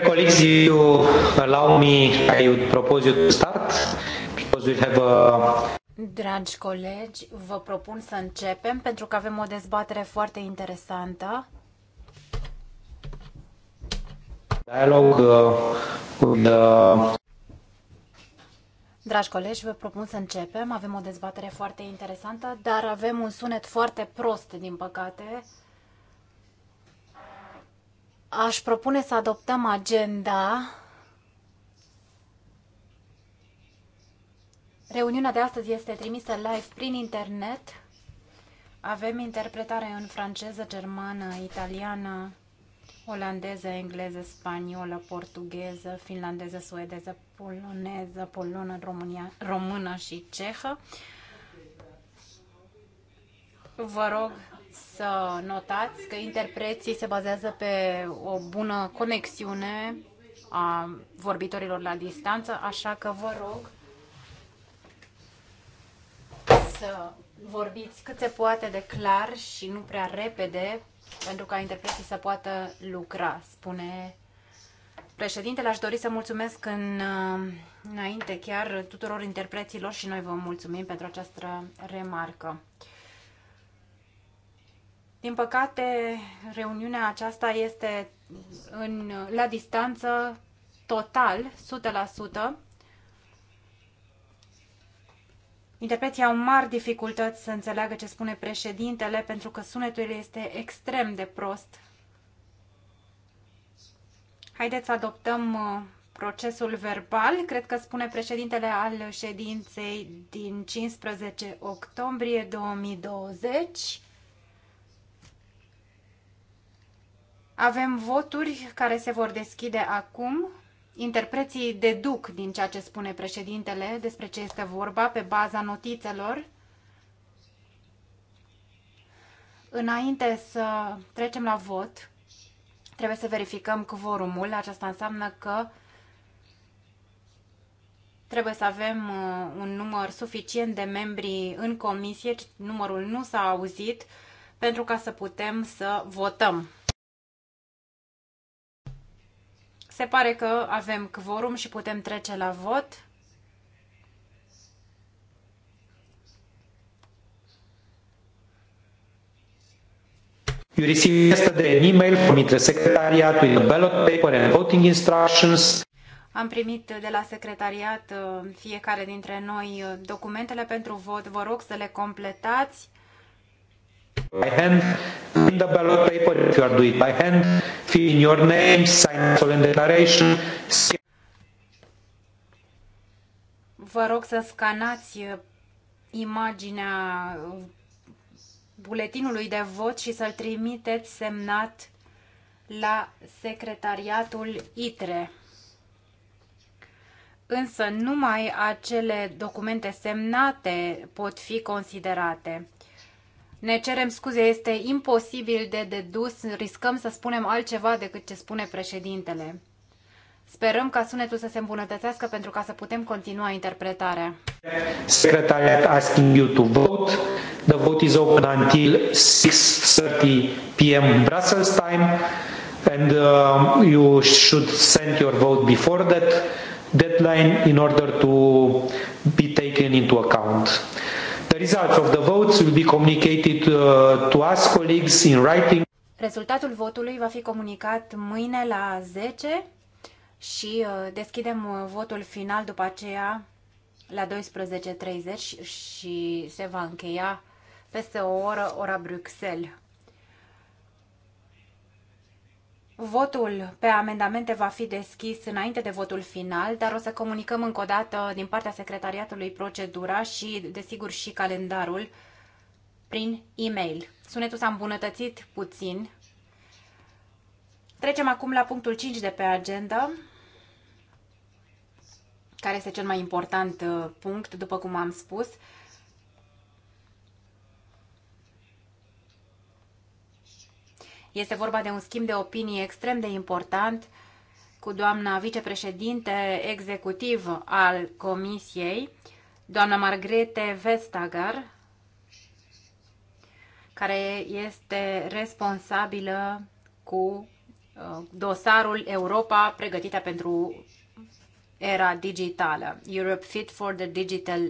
Dear colleagues, you uh, allow me, I would propose you to start because we have a Dragi colegi, vă propun să începem pentru că avem o dezbatere foarte interesantă. Dialog uh, cu the... Dragi colegi, vă propun să începem. Avem o dezbatere foarte interesantă, dar avem un sunet foarte prost, din păcate aș propune să adoptăm agenda Reuniunea de astăzi este trimisă live prin internet. Avem interpretare în franceză, germană, italiană, olandeză, engleză, spaniolă, portugheză, finlandeză, suedeză, poloneză, polonă, România, română și cehă. Vă rog să notați că interpreții se bazează pe o bună conexiune a vorbitorilor la distanță, așa că vă rog să vorbiți cât se poate de clar și nu prea repede, pentru ca interpreții să poată lucra, spune președintele. Aș dori să mulțumesc în, înainte chiar tuturor interpreților și noi vă mulțumim pentru această remarcă. Din păcate, reuniunea aceasta este în, la distanță total, 100%. Interpreții au mari dificultăți să înțeleagă ce spune președintele pentru că sunetul este extrem de prost. Haideți să adoptăm uh, procesul verbal, cred că spune președintele al ședinței din 15 octombrie 2020. Avem voturi care se vor deschide acum. Interpreții deduc din ceea ce spune președintele despre ce este vorba pe baza notițelor. Înainte să trecem la vot, trebuie să verificăm cvorumul. Aceasta înseamnă că trebuie să avem uh, un număr suficient de membri în comisie, numărul nu s-a auzit, pentru ca să putem să votăm. Se pare că avem quorum și putem trece la vot. You received yesterday an email from the secretariat with the ballot paper and voting instructions. Am primit de la secretariat uh, fiecare dintre noi uh, documentele pentru vot. Vă rog să le completați by hand, in the ballot paper if you are doing it by hand, fill in your name, sign solemn declaration. Vă rog să scanați uh, imaginea uh, buletinului de vot și să-l trimiteți semnat la secretariatul ITRE. Însă numai acele documente semnate pot fi considerate ne cerem scuze, este imposibil de dedus, riscăm să spunem altceva decât ce spune președintele. Sperăm ca sunetul să se îmbunătățească pentru ca să putem continua interpretarea. Secretariat asking you to vote. The vote is open until 6.30 p.m. Brussels time and uh, you should send your vote before that deadline in order to be taken into account results of the votes will be communicated uh, to us colleagues in writing. Rezultatul votului va fi comunicat mâine la 10 și uh, deschidem uh, votul final după aceea la 12.30 și se va încheia peste o oră, ora Bruxelles. Votul pe amendamente va fi deschis înainte de votul final, dar o să comunicăm încă o dată din partea secretariatului procedura și, desigur, și calendarul prin e-mail. Sunetul s-a îmbunătățit puțin. Trecem acum la punctul 5 de pe agenda, care este cel mai important uh, punct, după cum am spus. Este vorba de un schimb de opinii extrem de important cu doamna vicepreședinte executiv al Comisiei, doamna Margrete Vestager, care este responsabilă cu uh, dosarul Europa pregătită pentru era digitală, Europe Fit for the Digital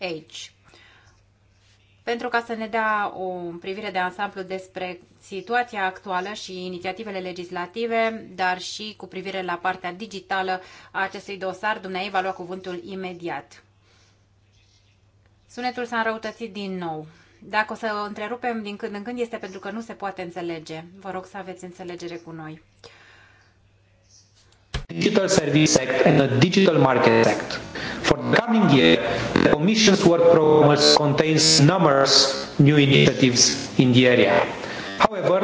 Age. Pentru ca să ne dea o privire de ansamblu despre situația actuală și inițiativele legislative, dar și cu privire la partea digitală a acestui dosar. Dumnezeu va lua cuvântul imediat. Sunetul s-a înrăutățit din nou. Dacă o să o întrerupem din când în când este pentru că nu se poate înțelege. Vă rog să aveți înțelegere cu noi. Digital Service Act and the Digital Market Act. For the coming year, the Commission's work program contains numerous new initiatives in the area. However,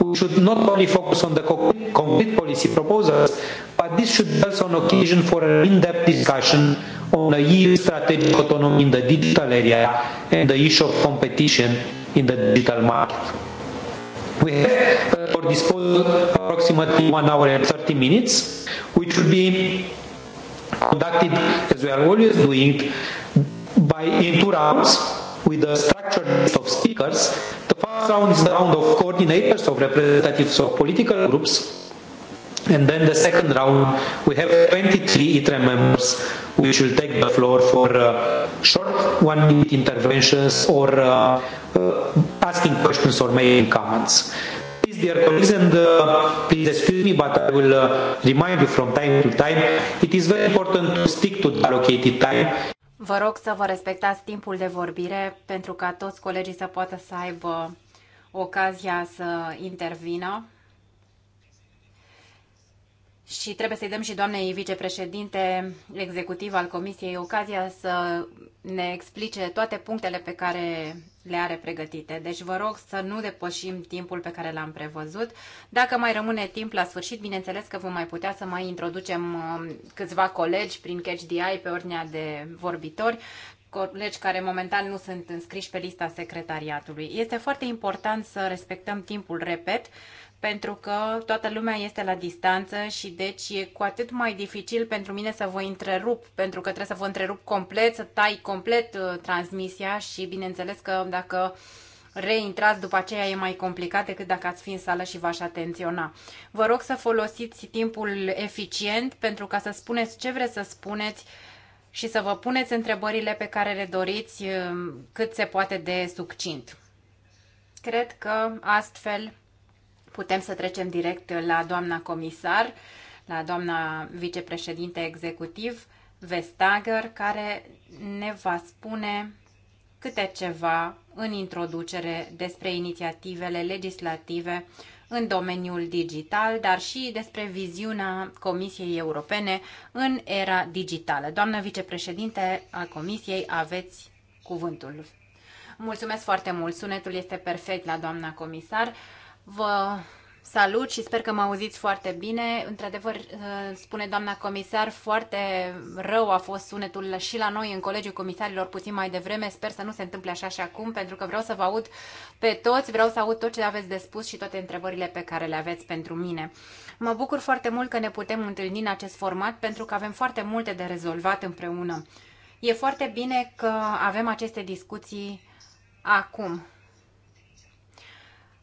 we should not only focus on the concrete policy proposals, but this should be also an occasion for an in-depth discussion on a EU strategic autonomy in the digital area and the issue of competition in the digital market. We have at uh, our disposal approximately one hour and 30 minutes, which will be conducted, as we are always doing, by in two rounds with the structure of speakers. The first round is the round of coordinators of representatives of political groups. And then the second round, we have 23 ITRE members which will take the floor for uh, short one-minute interventions or uh, uh, asking questions or making comments dear colleagues, and uh, please excuse me, but I will uh, remind you from time to time, it is very important to stick to the allocated time Vă rog să vă respectați timpul de vorbire pentru ca toți colegii să poată să aibă ocazia să intervină și trebuie să-i dăm și doamnei vicepreședinte executiv al Comisiei ocazia să ne explice toate punctele pe care le are pregătite. Deci vă rog să nu depășim timpul pe care l-am prevăzut. Dacă mai rămâne timp la sfârșit, bineînțeles că vom mai putea să mai introducem um, câțiva colegi prin Catch the Eye pe ordinea de vorbitori, colegi care momentan nu sunt înscriși pe lista secretariatului. Este foarte important să respectăm timpul, repet, pentru că toată lumea este la distanță și deci e cu atât mai dificil pentru mine să vă întrerup, pentru că trebuie să vă întrerup complet, să tai complet uh, transmisia și bineînțeles că dacă reintrați după aceea e mai complicat decât dacă ați fi în sală și v-aș atenționa. Vă rog să folosiți timpul eficient pentru ca să spuneți ce vreți să spuneți, și să vă puneți întrebările pe care le doriți um, cât se poate de succint. Cred că astfel putem să trecem direct la doamna comisar, la doamna vicepreședinte executiv, Vestager, care ne va spune câte ceva în introducere despre inițiativele legislative în domeniul digital, dar și despre viziunea Comisiei Europene în era digitală. Doamnă vicepreședinte a Comisiei, aveți cuvântul. Mulțumesc foarte mult. Sunetul este perfect la doamna comisar. Vă Salut și sper că mă auziți foarte bine. Într-adevăr, uh, spune doamna comisar, foarte rău a fost sunetul și la noi în Colegiul Comisarilor puțin mai devreme. Sper să nu se întâmple așa și acum, pentru că vreau să vă aud pe toți, vreau să aud tot ce aveți de spus și toate întrebările pe care le aveți pentru mine. Mă bucur foarte mult că ne putem întâlni în acest format, pentru că avem foarte multe de rezolvat împreună. E foarte bine că avem aceste discuții acum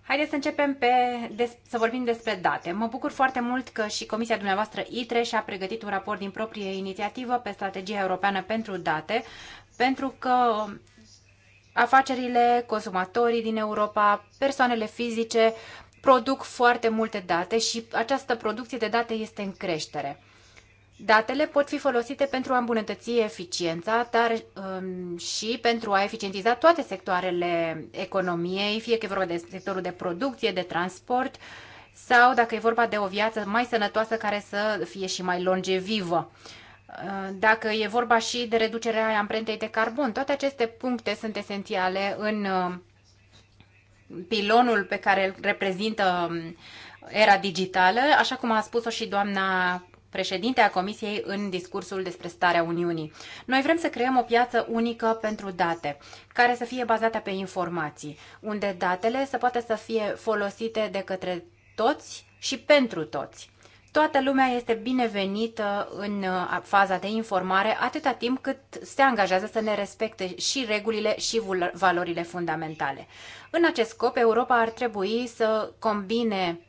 Haideți să începem pe, des, să vorbim despre date. Mă bucur foarte mult că și Comisia dumneavoastră ITRE și-a pregătit un raport din proprie inițiativă pe strategia europeană pentru date, pentru că afacerile, consumatorii din Europa, persoanele fizice produc foarte multe date și această producție de date este în creștere. Datele pot fi folosite pentru a îmbunătăți eficiența, dar um, și pentru a eficientiza toate sectoarele economiei, fie că e vorba de sectorul de producție, de transport sau dacă e vorba de o viață mai sănătoasă care să fie și mai longevivă. Uh, dacă e vorba și de reducerea amprentei de carbon, toate aceste puncte sunt esențiale în uh, pilonul pe care îl reprezintă um, era digitală, așa cum a spus-o și doamna președinte a Comisiei în discursul despre starea Uniunii. Noi vrem să creăm o piață unică pentru date, care să fie bazată pe informații, unde datele să poată să fie folosite de către toți și pentru toți. Toată lumea este binevenită în uh, faza de informare atâta timp cât se angajează să ne respecte și regulile și valorile fundamentale. În acest scop, Europa ar trebui să combine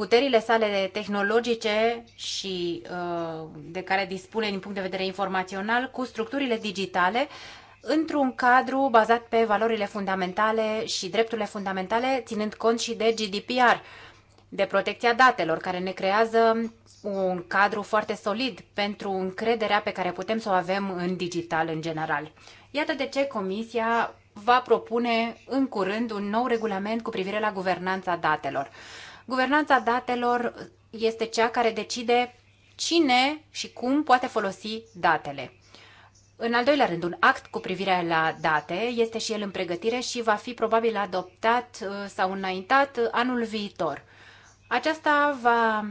puterile sale tehnologice și uh, de care dispune din punct de vedere informațional cu structurile digitale într-un cadru bazat pe valorile fundamentale și drepturile fundamentale, ținând cont și de GDPR, de protecția datelor, care ne creează un cadru foarte solid pentru încrederea pe care putem să o avem în digital în general. Iată de ce Comisia va propune în curând un nou regulament cu privire la guvernanța datelor. Guvernanța datelor este cea care decide cine și cum poate folosi datele. În al doilea rând, un act cu privire la date este și el în pregătire și va fi probabil adoptat uh, sau înaintat uh, anul viitor. Aceasta va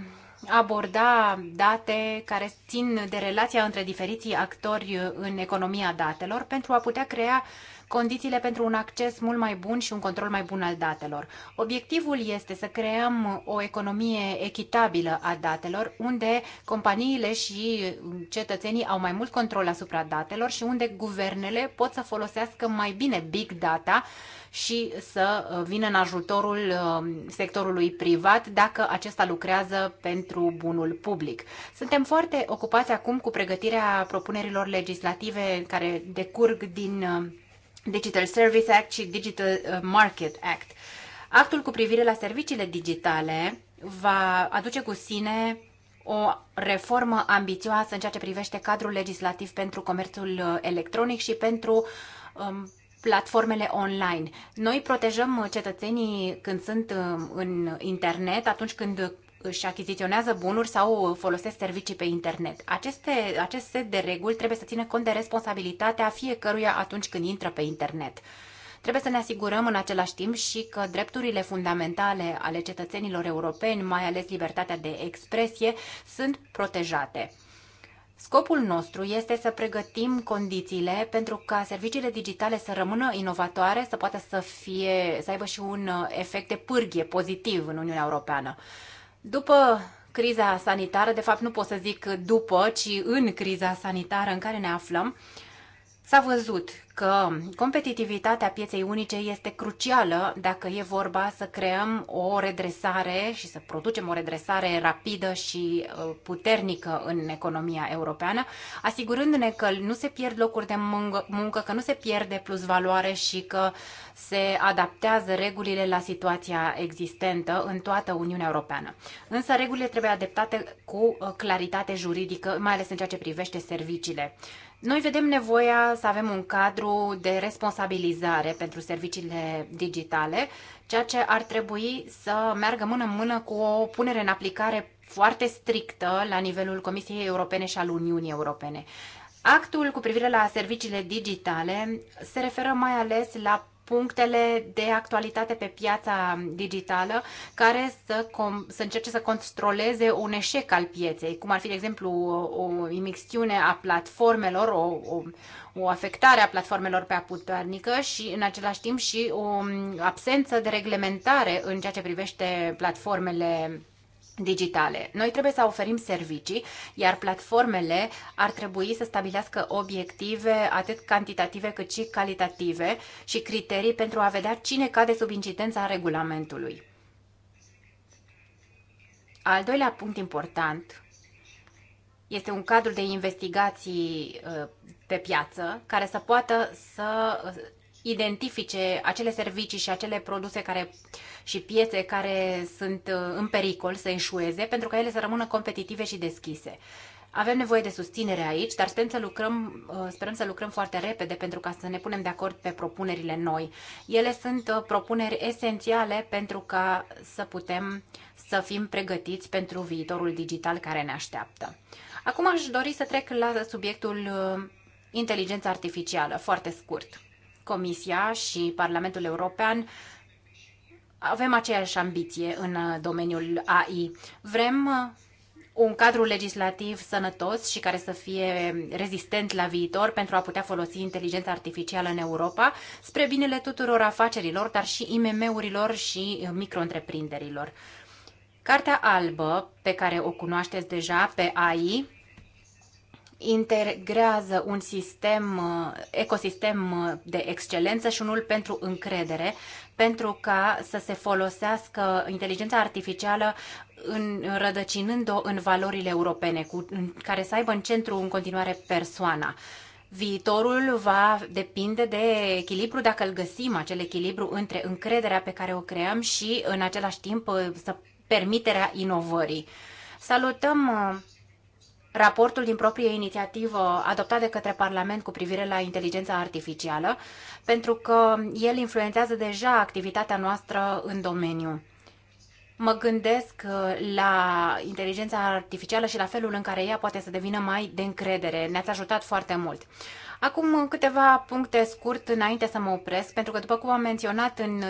aborda date care țin de relația între diferiții actori în economia datelor pentru a putea crea condițiile pentru un acces mult mai bun și un control mai bun al datelor. Obiectivul este să creăm o economie echitabilă a datelor, unde companiile și cetățenii au mai mult control asupra datelor și unde guvernele pot să folosească mai bine big data și să uh, vină în ajutorul uh, sectorului privat dacă acesta lucrează pentru bunul public. Suntem foarte ocupați acum cu pregătirea propunerilor legislative care decurg din uh, Digital Service Act și Digital Market Act. Actul cu privire la serviciile digitale va aduce cu sine o reformă ambițioasă în ceea ce privește cadrul legislativ pentru comerțul electronic și pentru um, platformele online. Noi protejăm cetățenii când sunt um, în internet, atunci când își achiziționează bunuri sau folosesc servicii pe internet. Aceste, acest set de reguli trebuie să țină cont de responsabilitatea fiecăruia atunci când intră pe internet. Trebuie să ne asigurăm în același timp și că drepturile fundamentale ale cetățenilor europeni, mai ales libertatea de expresie, sunt protejate. Scopul nostru este să pregătim condițiile pentru ca serviciile digitale să rămână inovatoare, să poată să, fie, să aibă și un uh, efect de pârghie pozitiv în Uniunea Europeană. După criza sanitară, de fapt nu pot să zic după, ci în criza sanitară în care ne aflăm, s-a văzut că competitivitatea pieței unice este crucială dacă e vorba să creăm o redresare și să producem o redresare rapidă și ă, puternică în economia europeană, asigurându-ne că nu se pierd locuri de muncă, că nu se pierde plus valoare și că se adaptează regulile la situația existentă în toată Uniunea Europeană. Însă regulile trebuie adaptate cu ă, claritate juridică, mai ales în ceea ce privește serviciile. Noi vedem nevoia să avem un cadru de responsabilizare pentru serviciile digitale, ceea ce ar trebui să meargă mână-mână cu o punere în aplicare foarte strictă la nivelul Comisiei Europene și al Uniunii Europene. Actul cu privire la serviciile digitale se referă mai ales la punctele de actualitate pe piața digitală care să, com- să încerce să controleze un eșec al pieței, cum ar fi, de exemplu, o imixtiune a platformelor, o, o, o afectare a platformelor pe aputarnică și, în același timp, și o um, absență de reglementare în ceea ce privește platformele digitale. Noi trebuie să oferim servicii, iar platformele ar trebui să stabilească obiective atât cantitative cât și calitative și criterii pentru a vedea cine cade sub incidența regulamentului. Al doilea punct important este un cadru de investigații uh, pe piață care să poată să identifice acele servicii și acele produse care, și piețe care sunt uh, în pericol să eșueze, pentru ca ele să rămână competitive și deschise. Avem nevoie de susținere aici, dar sperăm să lucrăm, uh, sperăm să lucrăm foarte repede pentru ca să ne punem de acord pe propunerile noi. Ele sunt uh, propuneri esențiale pentru ca să putem să fim pregătiți pentru viitorul digital care ne așteaptă. Acum aș dori să trec la subiectul inteligența artificială, foarte scurt. Comisia și Parlamentul European avem aceeași ambiție în uh, domeniul AI. Vrem uh, un cadru legislativ sănătos și care să fie rezistent la viitor pentru a putea folosi inteligența artificială în Europa spre binele tuturor afacerilor, dar și IMM-urilor și uh, micro-întreprinderilor. Cartea albă pe care o cunoașteți deja pe AI integrează un sistem, uh, ecosistem uh, de excelență și unul pentru încredere, pentru ca să se folosească inteligența artificială în, rădăcinând-o în valorile europene, cu, în, care să aibă în centru în continuare persoana. Viitorul va depinde de echilibru, dacă îl găsim, acel echilibru între încrederea pe care o creăm și, în același timp, uh, să permiterea inovării. Salutăm uh, raportul din proprie inițiativă adoptat de către Parlament cu privire la inteligența artificială, pentru că el influențează deja activitatea noastră în domeniu. Mă gândesc uh, la inteligența artificială și la felul în care ea poate să devină mai de încredere. Ne-ați ajutat foarte mult. Acum câteva puncte scurt înainte să mă opresc, pentru că după cum am menționat în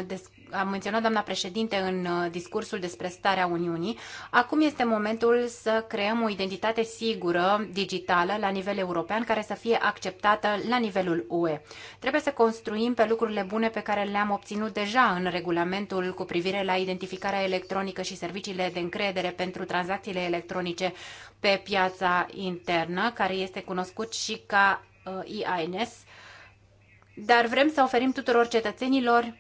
a menționat doamna președinte în uh, discursul despre starea Uniunii, acum este momentul să creăm o identitate sigură digitală la nivel european care să fie acceptată la nivelul UE. Trebuie să construim pe lucrurile bune pe care le-am obținut deja în regulamentul cu privire la identificarea electronică și serviciile de încredere pentru tranzacțiile electronice pe piața internă, care este cunoscut și ca uh, EINS, dar vrem să oferim tuturor cetățenilor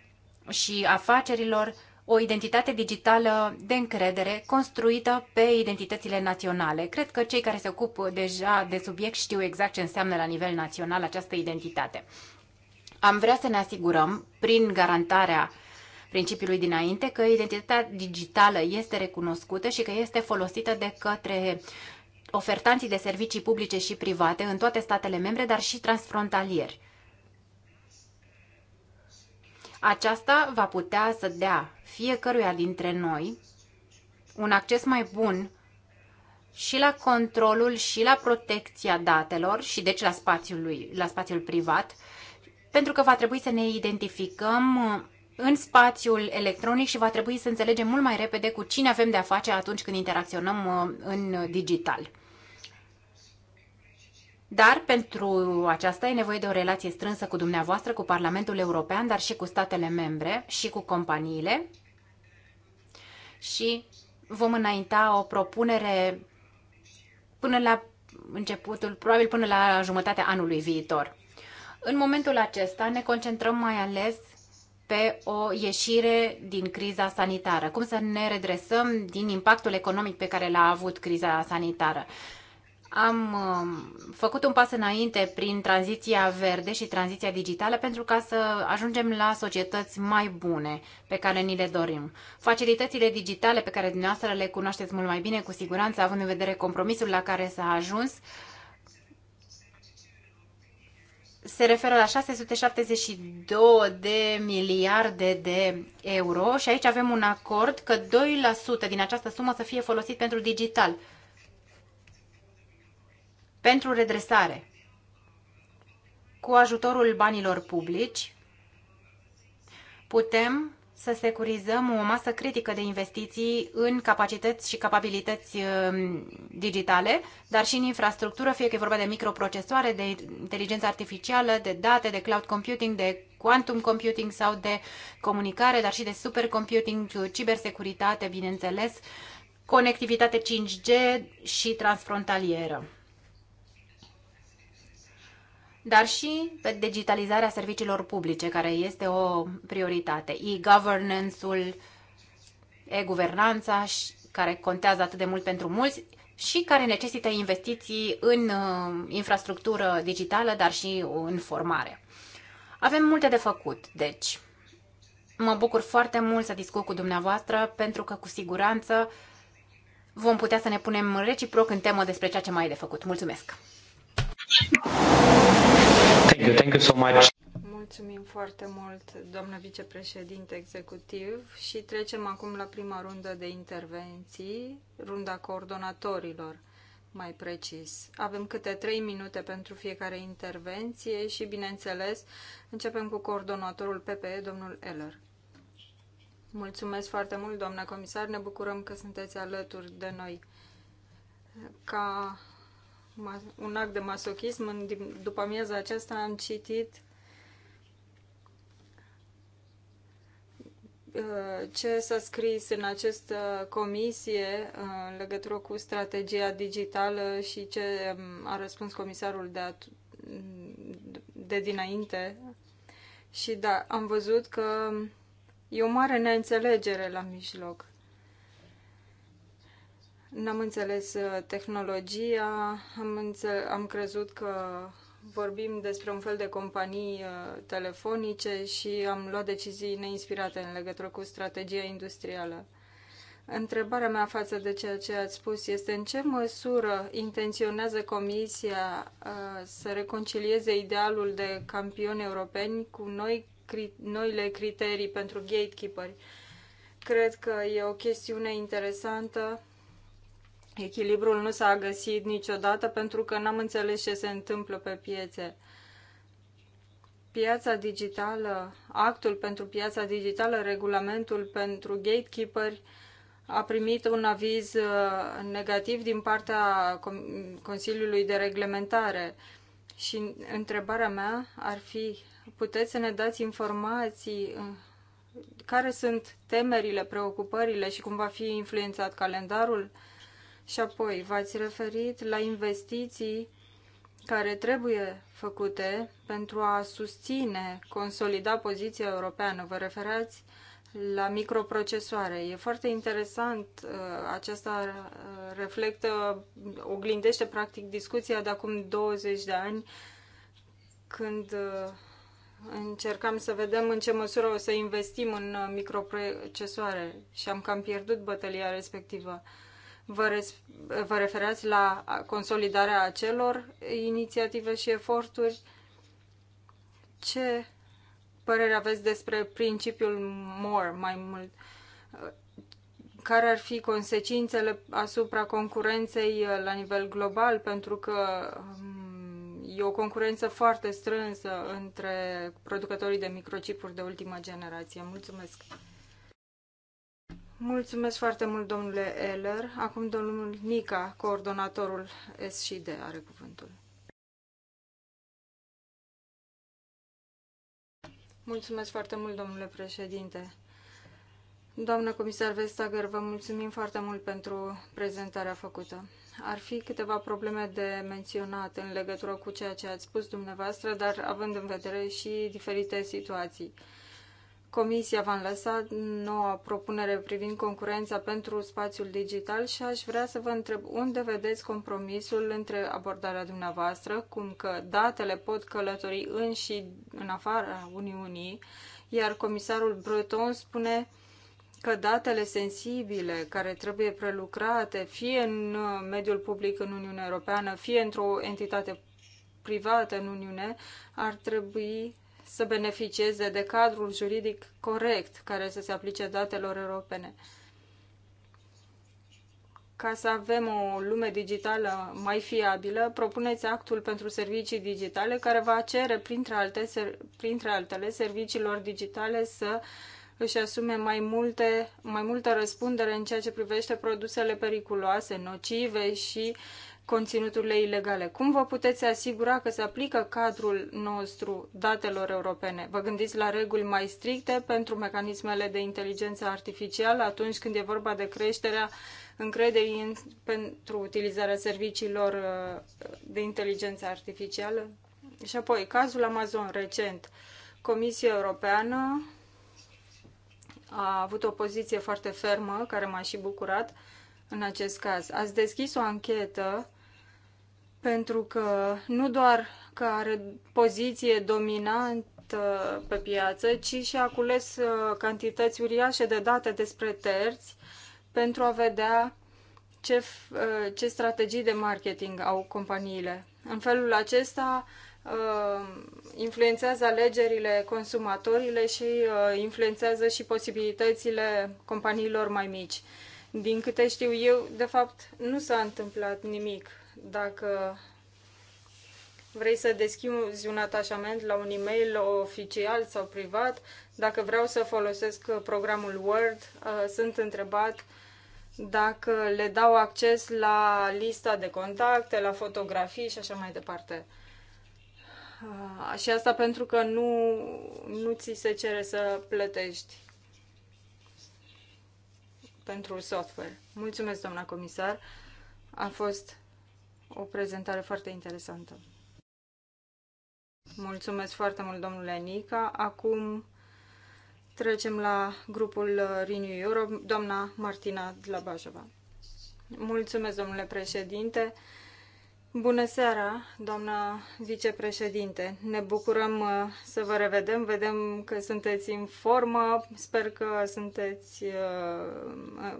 și afacerilor o identitate digitală de încredere construită pe identitățile naționale. Cred că cei care se ocupă deja de subiect știu exact ce înseamnă la nivel național această identitate. Am vrea să ne asigurăm, prin garantarea principiului dinainte, că identitatea digitală este recunoscută și că este folosită de către ofertanții de servicii publice și private în toate statele membre, dar și transfrontalieri. Aceasta va putea să dea fiecăruia dintre noi un acces mai bun și la controlul și la protecția datelor și deci la spațiul, lui, la spațiul privat, pentru că va trebui să ne identificăm uh, în spațiul electronic și va trebui să înțelegem mult mai repede cu cine avem de-a face atunci când interacționăm uh, în digital. Dar pentru aceasta e nevoie de o relație strânsă cu dumneavoastră, cu Parlamentul European, dar și cu statele membre și cu companiile. Și vom înainta o propunere până la începutul, probabil până la jumătatea anului viitor. În momentul acesta ne concentrăm mai ales pe o ieșire din criza sanitară, cum să ne redresăm din impactul economic pe care l-a avut criza sanitară am um, făcut un pas înainte prin tranziția verde și tranziția digitală pentru ca să ajungem la societăți mai bune pe care ni le dorim. Facilitățile digitale pe care dumneavoastră le cunoașteți mult mai bine, cu siguranță, având în vedere compromisul la care s-a ajuns, se referă la 672 de miliarde de euro și aici avem un acord că 2% din această sumă să fie folosit pentru digital pentru redresare cu ajutorul banilor publici putem să securizăm o masă critică de investiții în capacități și capabilități uh, digitale, dar și în infrastructură, fie că e vorba de microprocesoare, de inteligență artificială, de date, de cloud computing, de quantum computing sau de comunicare, dar și de supercomputing, uh, cibersecuritate, bineînțeles, conectivitate 5G și transfrontalieră dar și pe digitalizarea serviciilor publice, care este o prioritate. E-governance-ul, e-guvernanța, care contează atât de mult pentru mulți și care necesită investiții în uh, infrastructură digitală, dar și în formare. Avem multe de făcut, deci mă bucur foarte mult să discut cu dumneavoastră, pentru că cu siguranță vom putea să ne punem reciproc în temă despre ceea ce mai e de făcut. Mulțumesc! Thank you, thank you so much. Mulțumim foarte mult, doamnă vicepreședinte executiv, și trecem acum la prima rundă de intervenții, runda coordonatorilor mai precis. Avem câte trei minute pentru fiecare intervenție și, bineînțeles, începem cu coordonatorul PPE, domnul Eller. Mulțumesc foarte mult, doamnă comisar, ne bucurăm că sunteți alături de noi. Ca un act de masochism. În, după amiaza aceasta am citit uh, ce s-a scris în această comisie uh, în legătură cu strategia digitală și ce um, a răspuns comisarul de, de dinainte. Și da, am văzut că e o mare neînțelegere la mijloc. N-am înțeles uh, tehnologia, am, înțel- am crezut că vorbim despre un fel de companii uh, telefonice și am luat decizii neinspirate în legătură cu strategia industrială. Întrebarea mea față de ceea ce ați spus este în ce măsură intenționează Comisia uh, să reconcilieze idealul de campioni europeni cu noi, cri, noile criterii pentru gatekeeperi. Cred că e o chestiune interesantă Echilibrul nu s-a găsit niciodată pentru că n-am înțeles ce se întâmplă pe piețe. Piața digitală, actul pentru piața digitală, regulamentul pentru gatekeeperi, a primit un aviz uh, negativ din partea Consiliului de Reglementare. Și întrebarea mea ar fi, puteți să ne dați informații uh, care sunt temerile, preocupările și cum va fi influențat calendarul? Și apoi v-ați referit la investiții care trebuie făcute pentru a susține, consolida poziția europeană. Vă referați la microprocesoare. E foarte interesant, uh, aceasta uh, reflectă, oglindește practic discuția de acum 20 de ani când uh, încercam să vedem în ce măsură o să investim în microprocesoare și am cam pierdut bătălia respectivă vă, vă referați la consolidarea acelor inițiative și eforturi? Ce părere aveți despre principiul more, mai mult? Care ar fi consecințele asupra concurenței uh, la nivel global? Pentru că um, e o concurență foarte strânsă între producătorii de microcipuri de ultima generație. Mulțumesc! Mulțumesc foarte mult, domnule Eller. Acum domnul Nica, coordonatorul S și D, are cuvântul. Mulțumesc foarte mult, domnule președinte. Doamnă comisar Vestager, vă mulțumim foarte mult pentru prezentarea făcută. Ar fi câteva probleme de menționat în legătură cu ceea ce ați spus dumneavoastră, dar având în vedere și diferite situații. Comisia v-a lăsat noua propunere privind concurența pentru spațiul digital și aș vrea să vă întreb unde vedeți compromisul între abordarea dumneavoastră, cum că datele pot călători în și în afara Uniunii, iar comisarul Breton spune că datele sensibile care trebuie prelucrate fie în mediul public în Uniunea Europeană, fie într-o entitate privată în Uniune, ar trebui să beneficieze de cadrul juridic corect care să se aplice datelor europene. Ca să avem o lume digitală mai fiabilă, propuneți actul pentru servicii digitale care va cere, printre, alte, printre altele, serviciilor digitale să își asume mai, multe, mai multă răspundere în ceea ce privește produsele periculoase, nocive și uh, conținuturile ilegale. Cum vă puteți asigura că se aplică cadrul nostru datelor europene? Vă gândiți la reguli mai stricte pentru mecanismele de inteligență artificială atunci când e vorba de creșterea încrederii în, pentru utilizarea serviciilor uh, de inteligență artificială? Și apoi, cazul Amazon recent. Comisia Europeană a avut o poziție foarte fermă, care m-a și bucurat în acest caz. Ați deschis o anchetă pentru că nu doar că are poziție dominantă pe piață, ci și a cules uh, cantități uriașe de date despre terți pentru a vedea ce, uh, ce strategii de marketing au companiile. În felul acesta uh, influențează alegerile consumatorile și influențează și posibilitățile companiilor mai mici. Din câte știu eu, de fapt, nu s-a întâmplat nimic dacă vrei să deschizi un atașament la un e-mail oficial sau privat, dacă vreau să folosesc programul Word, uh, sunt întrebat dacă le dau acces la lista de contacte, la fotografii și așa mai departe. Uh, și asta pentru că nu, nu ți se cere să plătești pentru software. Mulțumesc, doamna comisar. A fost o prezentare foarte interesantă. Mulțumesc foarte mult, domnule Nica. Acum trecem la grupul Renew Europe, doamna Martina Dlabajova. Mulțumesc, domnule președinte. Bună seara, doamna vicepreședinte. Ne bucurăm uh, să vă revedem. Vedem că sunteți în formă. Sper că sunteți uh,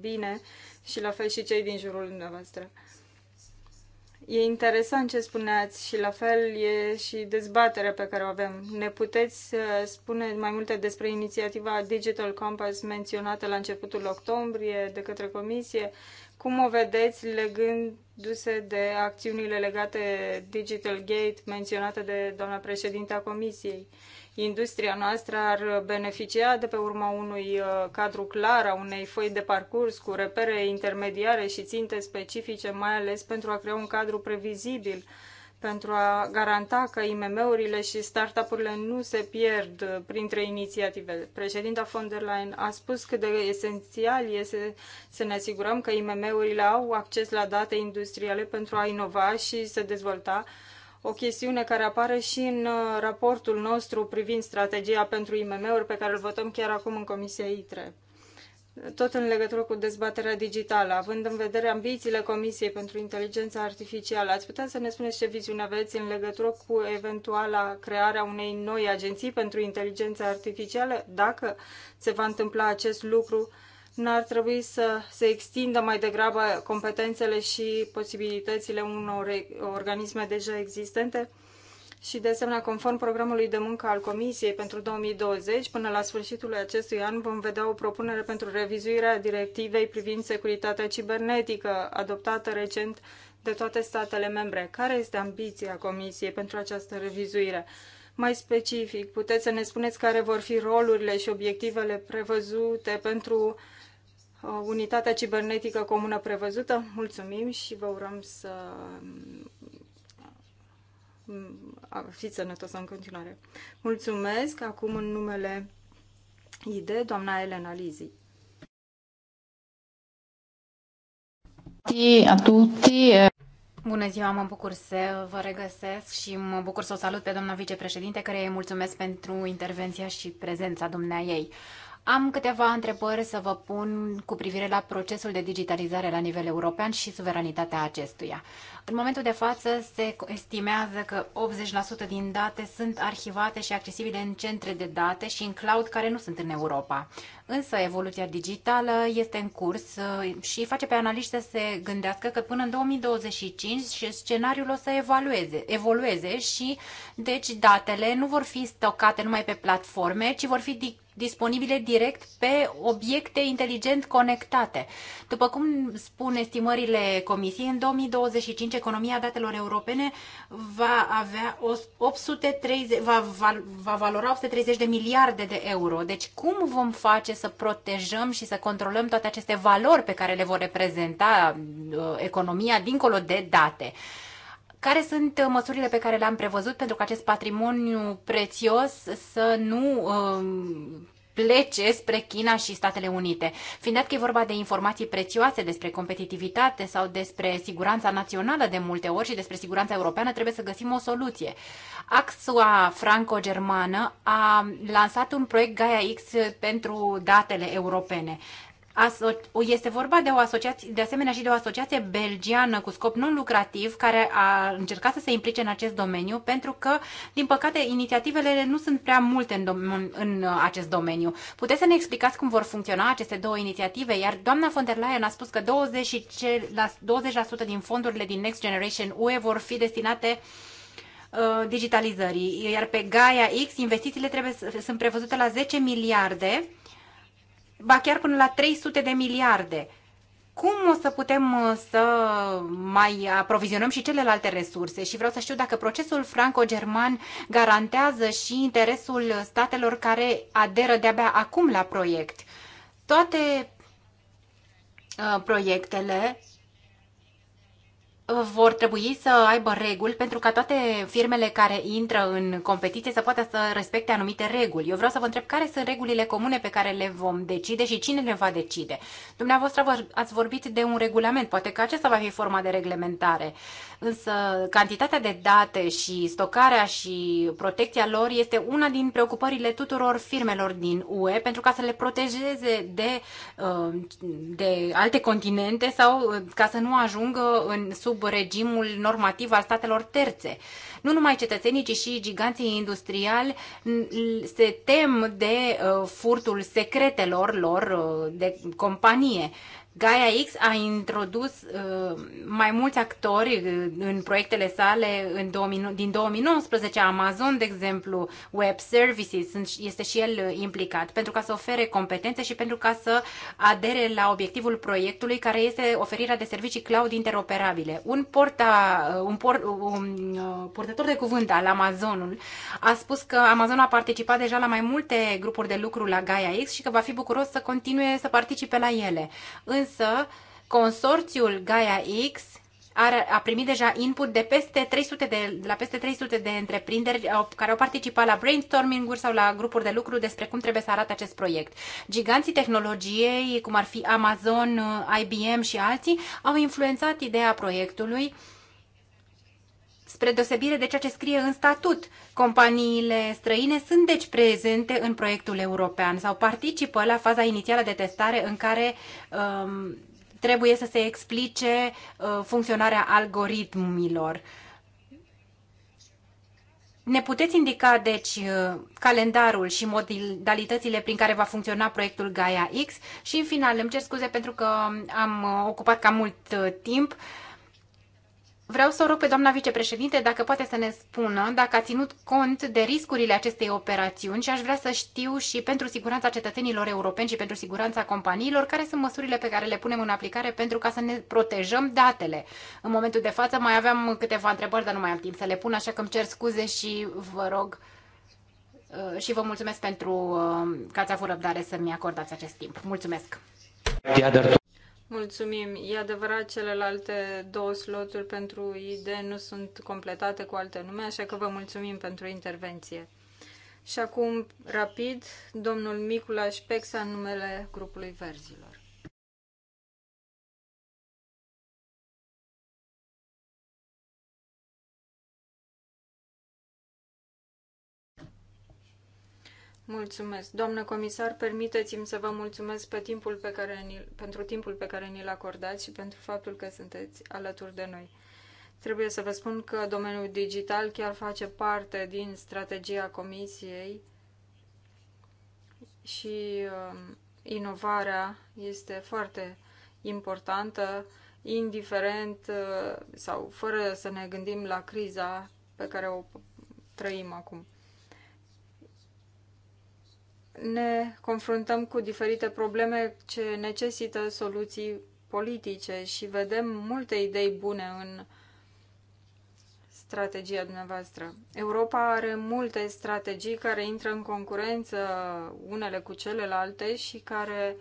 bine și la fel și cei din jurul dumneavoastră. E interesant ce spuneați și la fel e și dezbaterea pe care o avem. Ne puteți uh, spune mai multe despre inițiativa Digital Compass menționată la începutul octombrie de către Comisie? Cum o vedeți legându-se de acțiunile legate Digital Gate menționate de doamna președinte a Comisiei? industria noastră ar beneficia de pe urma unui uh, cadru clar, a unei foi de parcurs cu repere intermediare și ținte specifice, mai ales pentru a crea un cadru previzibil pentru a garanta că IMM-urile și startup-urile nu se pierd printre inițiative. Președinta von der Leyen a spus cât de esențial este să ne asigurăm că IMM-urile au acces la date industriale pentru a inova și să dezvolta o chestiune care apare și în uh, raportul nostru privind strategia pentru IMM-uri pe care îl votăm chiar acum în Comisia ITRE. Tot în legătură cu dezbaterea digitală, având în vedere ambițiile Comisiei pentru Inteligența Artificială, ați putea să ne spuneți ce viziune aveți în legătură cu eventuala crearea unei noi agenții pentru inteligența artificială, dacă se va întâmpla acest lucru n-ar trebui să se extindă mai degrabă competențele și posibilitățile unor organisme deja existente? Și, de asemenea, conform programului de muncă al Comisiei pentru 2020, până la sfârșitul acestui an vom vedea o propunere pentru revizuirea directivei privind securitatea cibernetică, adoptată recent de toate statele membre. Care este ambiția Comisiei pentru această revizuire? Mai specific, puteți să ne spuneți care vor fi rolurile și obiectivele prevăzute pentru uh, Uh, unitatea cibernetică comună prevăzută. Mulțumim și vă urăm să mm, fiți sănătos în continuare. Mulțumesc acum în numele ID, doamna Elena Lizi. a tutti. Bună ziua, mă bucur să vă regăsesc și mă bucur să o salut pe doamna vicepreședinte, care îi mulțumesc pentru intervenția și prezența dumnea ei. Am câteva întrebări să vă pun cu privire la procesul de digitalizare la nivel european și suveranitatea acestuia. În momentul de față se estimează că 80% din date sunt arhivate și accesibile în centre de date și în cloud care nu sunt în Europa. Însă evoluția digitală este în curs uh, și face pe analiști să se gândească că până în 2025 scenariul o să evalueze, evolueze și deci datele nu vor fi stocate numai pe platforme, ci vor fi disponibile direct pe obiecte inteligent conectate. După cum spun estimările Comisiei, în 2025 economia datelor europene va avea 830, va, va, va valora 830 de miliarde de euro. Deci cum vom face să protejăm și să controlăm toate aceste valori pe care le vor reprezenta uh, economia dincolo de date? Care sunt uh, măsurile pe care le-am prevăzut pentru că acest patrimoniu prețios să nu um, plece spre China și Statele Unite. Fiind dat că e vorba de informații prețioase despre competitivitate sau despre siguranța națională de multe ori și despre siguranța europeană, trebuie să găsim o soluție. AXUA franco-germană a lansat un proiect Gaia X pentru datele europene. Este vorba de, o asociație, de asemenea și de o asociație belgiană cu scop non-lucrativ care a încercat să se implice în acest domeniu pentru că, din păcate, inițiativele nu sunt prea multe în, dom- în acest domeniu. Puteți să ne explicați cum vor funcționa aceste două inițiative? Iar doamna von der Leyen a spus că 20% din fondurile din Next Generation UE vor fi destinate uh, digitalizării. Iar pe Gaia X investițiile trebuie, sunt prevăzute la 10 miliarde ba chiar până la 300 de miliarde. Cum o să putem uh, să mai aprovizionăm și celelalte resurse? Și vreau să știu dacă procesul franco-german garantează și interesul statelor care aderă de-abia acum la proiect. Toate uh, proiectele vor trebui să aibă reguli pentru ca toate firmele care intră în competiție să poată să respecte anumite reguli. Eu vreau să vă întreb care sunt regulile comune pe care le vom decide și cine le va decide. Dumneavoastră ați vorbit de un regulament, poate că acesta va fi forma de reglementare însă cantitatea de date și stocarea și protecția lor este una din preocupările tuturor firmelor din UE pentru ca să le protejeze de, uh, de alte continente sau uh, ca să nu ajungă în, sub regimul normativ al statelor terțe. Nu numai cetățenii, ci și giganții industriali se tem de uh, furtul secretelor lor de companie. Gaia X a introdus uh, mai mulți actori uh, în proiectele sale în 2000, din 2019. Amazon, de exemplu, Web Services sunt, este și el uh, implicat pentru ca să ofere competențe și pentru ca să adere la obiectivul proiectului care este oferirea de servicii cloud interoperabile. Un, porta, uh, un, por, un uh, purtător de cuvânt al Amazonului a spus că Amazon a participat deja la mai multe grupuri de lucru la Gaia X și că va fi bucuros să continue să participe la ele. În însă consorțiul Gaia X a primit deja input de peste 300 de, la peste 300 de întreprinderi care au participat la brainstorming-uri sau la grupuri de lucru despre cum trebuie să arate acest proiect. Giganții tehnologiei, cum ar fi Amazon, uh, IBM și alții, au influențat ideea proiectului Spre deosebire de ceea ce scrie în statut, companiile străine sunt deci prezente în proiectul european sau participă la faza inițială de testare în care um, trebuie să se explice uh, funcționarea algoritmilor. Ne puteți indica, deci, uh, calendarul și modalitățile prin care va funcționa proiectul Gaia X și, în final, îmi cer scuze pentru că am uh, ocupat cam mult uh, timp. Uh, Vreau să o rog pe doamna vicepreședinte dacă poate să ne spună dacă a ținut cont de riscurile acestei operațiuni și aș vrea să știu și pentru siguranța cetățenilor europeni și pentru siguranța companiilor care sunt măsurile pe care le punem în aplicare pentru ca să ne protejăm datele. În momentul de față mai aveam câteva întrebări, dar nu mai am timp să le pun, așa că îmi cer scuze și vă rog uh, și vă mulțumesc pentru uh, că ați avut răbdare să-mi acordați acest timp. Mulțumesc! Mulțumim. E adevărat, celelalte două sloturi pentru ID nu sunt completate cu alte nume, așa că vă mulțumim pentru intervenție. Și acum, rapid, domnul Miculaș Pexa în numele grupului Verzilor. Mulțumesc. Doamnă comisar, permiteți-mi să vă mulțumesc pe timpul pe care ni, pentru timpul pe care ni-l acordați și pentru faptul că sunteți alături de noi. Trebuie să vă spun că domeniul digital chiar face parte din strategia comisiei și uh, inovarea este foarte importantă, indiferent uh, sau fără să ne gândim la criza pe care o trăim acum ne confruntăm cu diferite probleme ce necesită soluții politice și vedem multe idei bune în strategia dumneavoastră. Europa are multe strategii care intră în concurență unele cu celelalte și care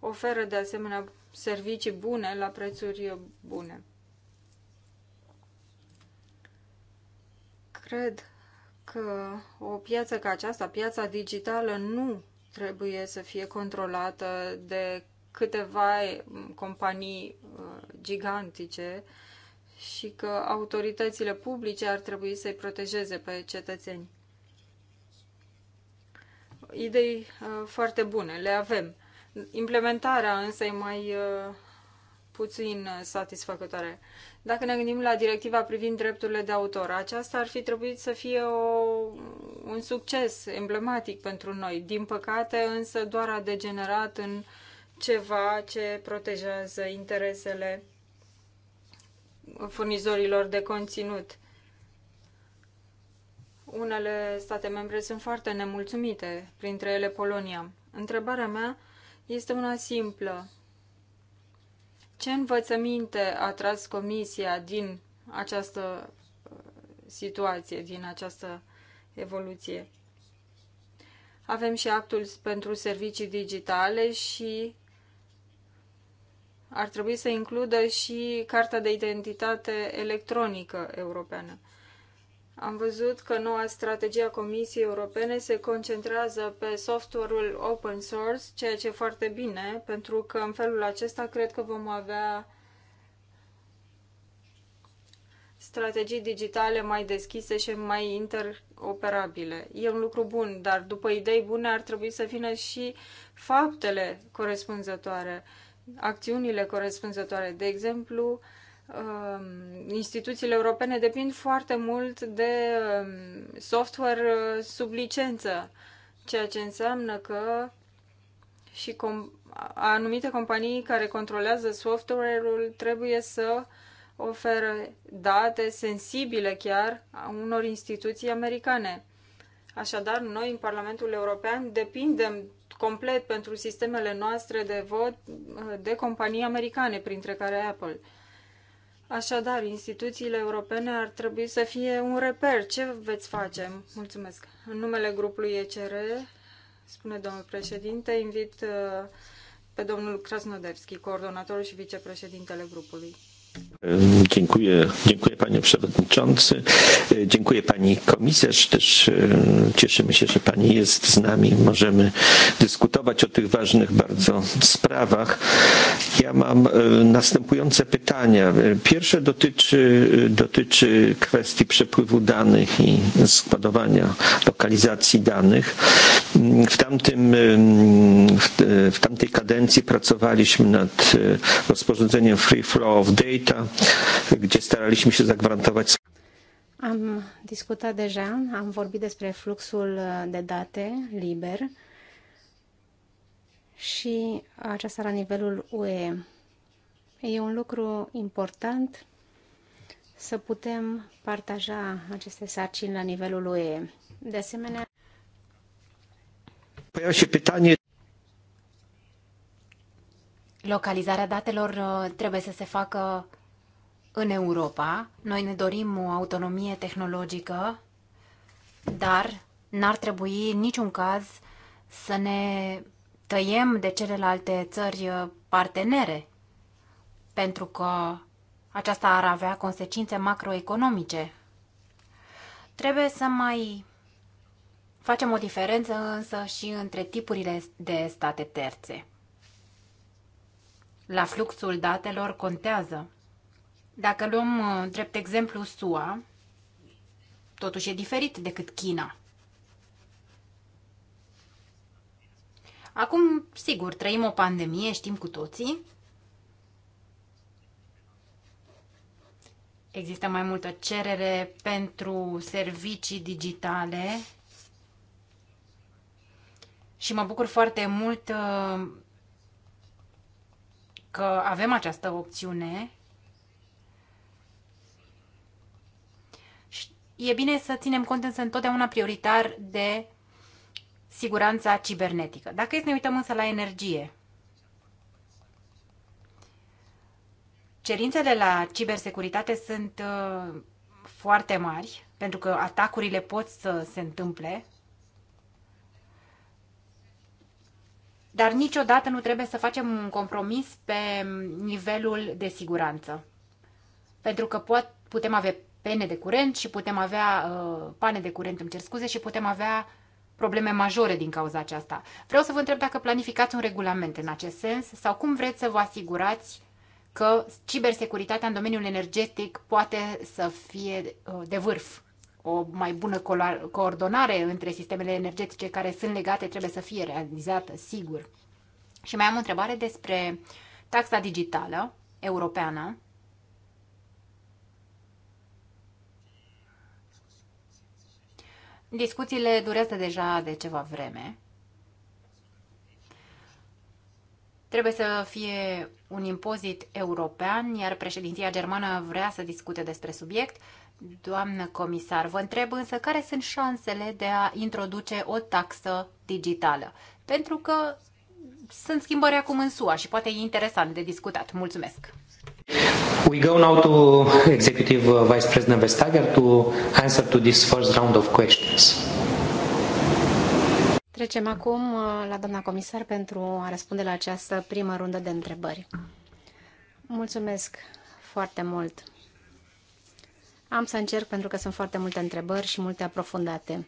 oferă de asemenea servicii bune la prețuri bune. Cred că o piață ca aceasta, piața digitală, nu trebuie să fie controlată de câteva eh, companii eh, gigantice și că autoritățile publice ar trebui să-i protejeze pe cetățeni. Idei eh, foarte bune, le avem. Implementarea însă e mai puțin satisfăcătoare. Dacă ne gândim la directiva privind drepturile de autor, aceasta ar fi trebuit să fie o, un succes emblematic pentru noi. Din păcate, însă, doar a degenerat în ceva ce protejează interesele furnizorilor de conținut. Unele state membre sunt foarte nemulțumite, printre ele Polonia. Întrebarea mea este una simplă. Ce învățăminte a tras Comisia din această uh, situație, din această evoluție? Avem și actul pentru servicii digitale și ar trebui să includă și carta de identitate electronică europeană. Am văzut că noua strategie a Comisiei Europene se concentrează pe software-ul open source, ceea ce e foarte bine, pentru că în felul acesta cred că vom avea strategii digitale mai deschise și mai interoperabile. E un lucru bun, dar după idei bune ar trebui să vină și faptele corespunzătoare, acțiunile corespunzătoare. De exemplu, uh, Um, instituțiile europene depind foarte mult de um, software uh, sub licență, ceea ce înseamnă că și com- anumite companii care controlează software-ul trebuie să oferă date sensibile chiar a unor instituții americane. Așadar, noi în Parlamentul European depindem complet pentru sistemele noastre de vot uh, de companii americane, printre care Apple. Așadar, instituțiile europene ar trebui să fie un reper. Ce veți face? Mulțumesc. În numele grupului ECR, spune domnul președinte, invit uh, pe domnul Krasnodevski, coordonatorul și vicepreședintele grupului. Dziękuję, dziękuję panie przewodniczący, dziękuję pani komisarz, też cieszymy się, że pani jest z nami, możemy dyskutować o tych ważnych bardzo sprawach. Ja mam następujące pytania. Pierwsze dotyczy, dotyczy kwestii przepływu danych i składowania lokalizacji danych. W, tamtym, w, w tamtej kadencji pracowaliśmy nad rozporządzeniem Free Flow of Data, Brexita, gdzie staraliśmy się zagwarantować. Am discutat deja, am vorbit despre fluxul de date liber și aceasta la nivelul UE. E un lucru important să putem partaja aceste sarcini la nivelul UE. De asemenea, Pojawia się pytanie, localizarea datelor uh, trebuie să se facă în Europa. Noi ne dorim o autonomie tehnologică, dar n-ar trebui în niciun caz să ne tăiem de celelalte țări uh, partenere, pentru că aceasta ar avea consecințe macroeconomice. Trebuie să mai facem o diferență însă și între tipurile de state terțe la fluxul datelor contează. Dacă luăm uh, drept exemplu SUA, totuși e diferit decât China. Acum, sigur, trăim o pandemie, știm cu toții. Există mai multă cerere pentru servicii digitale și mă bucur foarte mult uh, că avem această opțiune. și E bine să ținem cont însă întotdeauna prioritar de siguranța cibernetică. Dacă e să ne uităm însă la energie, cerințele la cibersecuritate sunt uh, foarte mari, pentru că atacurile pot să se întâmple dar niciodată nu trebuie să facem un compromis pe nivelul de siguranță. Pentru că pot, putem avea pene de curent și putem avea uh, pane de curent, îmi cer scuze, și putem avea probleme majore din cauza aceasta. Vreau să vă întreb dacă planificați un regulament în acest sens sau cum vreți să vă asigurați că cibersecuritatea în domeniul energetic poate să fie uh, de vârf o mai bună coordonare între sistemele energetice care sunt legate trebuie să fie realizată, sigur. Și mai am o întrebare despre taxa digitală europeană. Discuțiile durează deja de ceva vreme. Trebuie să fie un impozit european, iar președinția germană vrea să discute despre subiect. Doamnă comisar, vă întreb însă care sunt șansele de a introduce o taxă digitală? Pentru că sunt schimbări acum în SUA și poate e interesant de discutat. Mulțumesc! We go now to Executive Vice President Vestager to answer to this first round of questions. Trecem acum uh, la doamna comisar pentru a răspunde la această primă rundă de întrebări. Mulțumesc foarte mult! Am să încerc pentru că sunt foarte multe întrebări și multe aprofundate.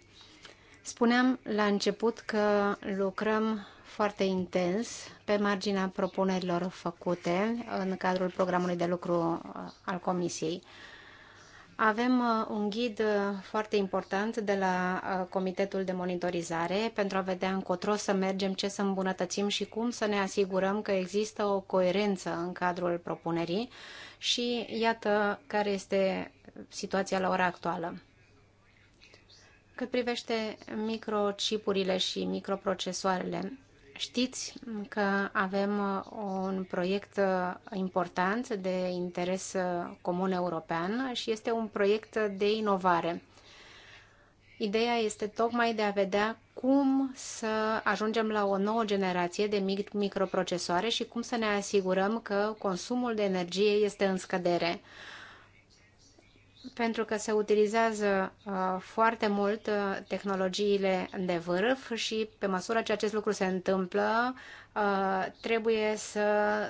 Spuneam la început că lucrăm foarte intens pe marginea propunerilor făcute în cadrul programului de lucru uh, al Comisiei. Avem uh, un ghid uh, foarte important de la Comitetul de Monitorizare pentru a vedea încotro să mergem, ce să îmbunătățim și cum să ne asigurăm că există o coerență în cadrul propunerii și iată care este situația la ora actuală. Cât privește microchipurile și microprocesoarele, știți că avem uh, un proiect uh, important de interes uh, comun european și este un proiect de inovare. Ideea este tocmai de a vedea cum să ajungem la o nouă generație de mic microprocesoare și cum să ne asigurăm că consumul de energie este în scădere pentru că se utilizează uh, foarte mult uh, tehnologiile de vârf și pe măsură ce acest lucru se întâmplă, uh, trebuie să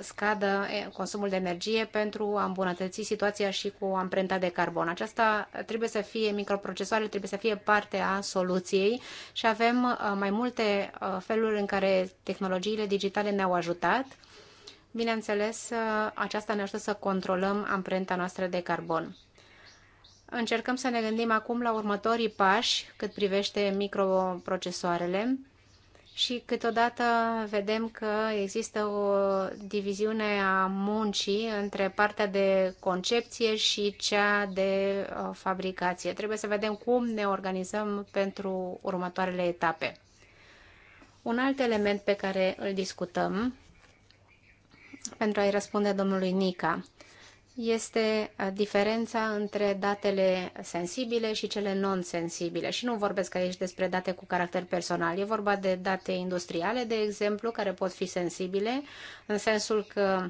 scadă consumul de energie pentru a îmbunătăți situația și cu amprenta de carbon. Aceasta trebuie să fie, microprocesoarele trebuie să fie parte a soluției și avem uh, mai multe uh, feluri în care tehnologiile digitale ne-au ajutat. Bineînțeles, uh, aceasta ne ajută să controlăm amprenta noastră de carbon încercăm să ne gândim acum la următorii pași cât privește microprocesoarele și câteodată vedem că există o diviziune a muncii între partea de concepție și cea de uh, fabricație. Trebuie să vedem cum ne organizăm pentru următoarele etape. Un alt element pe care îl discutăm pentru a-i răspunde domnului Nica este diferența între datele sensibile și cele non-sensibile. Și nu vorbesc aici despre date cu caracter personal, e vorba de date industriale, de exemplu, care pot fi sensibile, în sensul că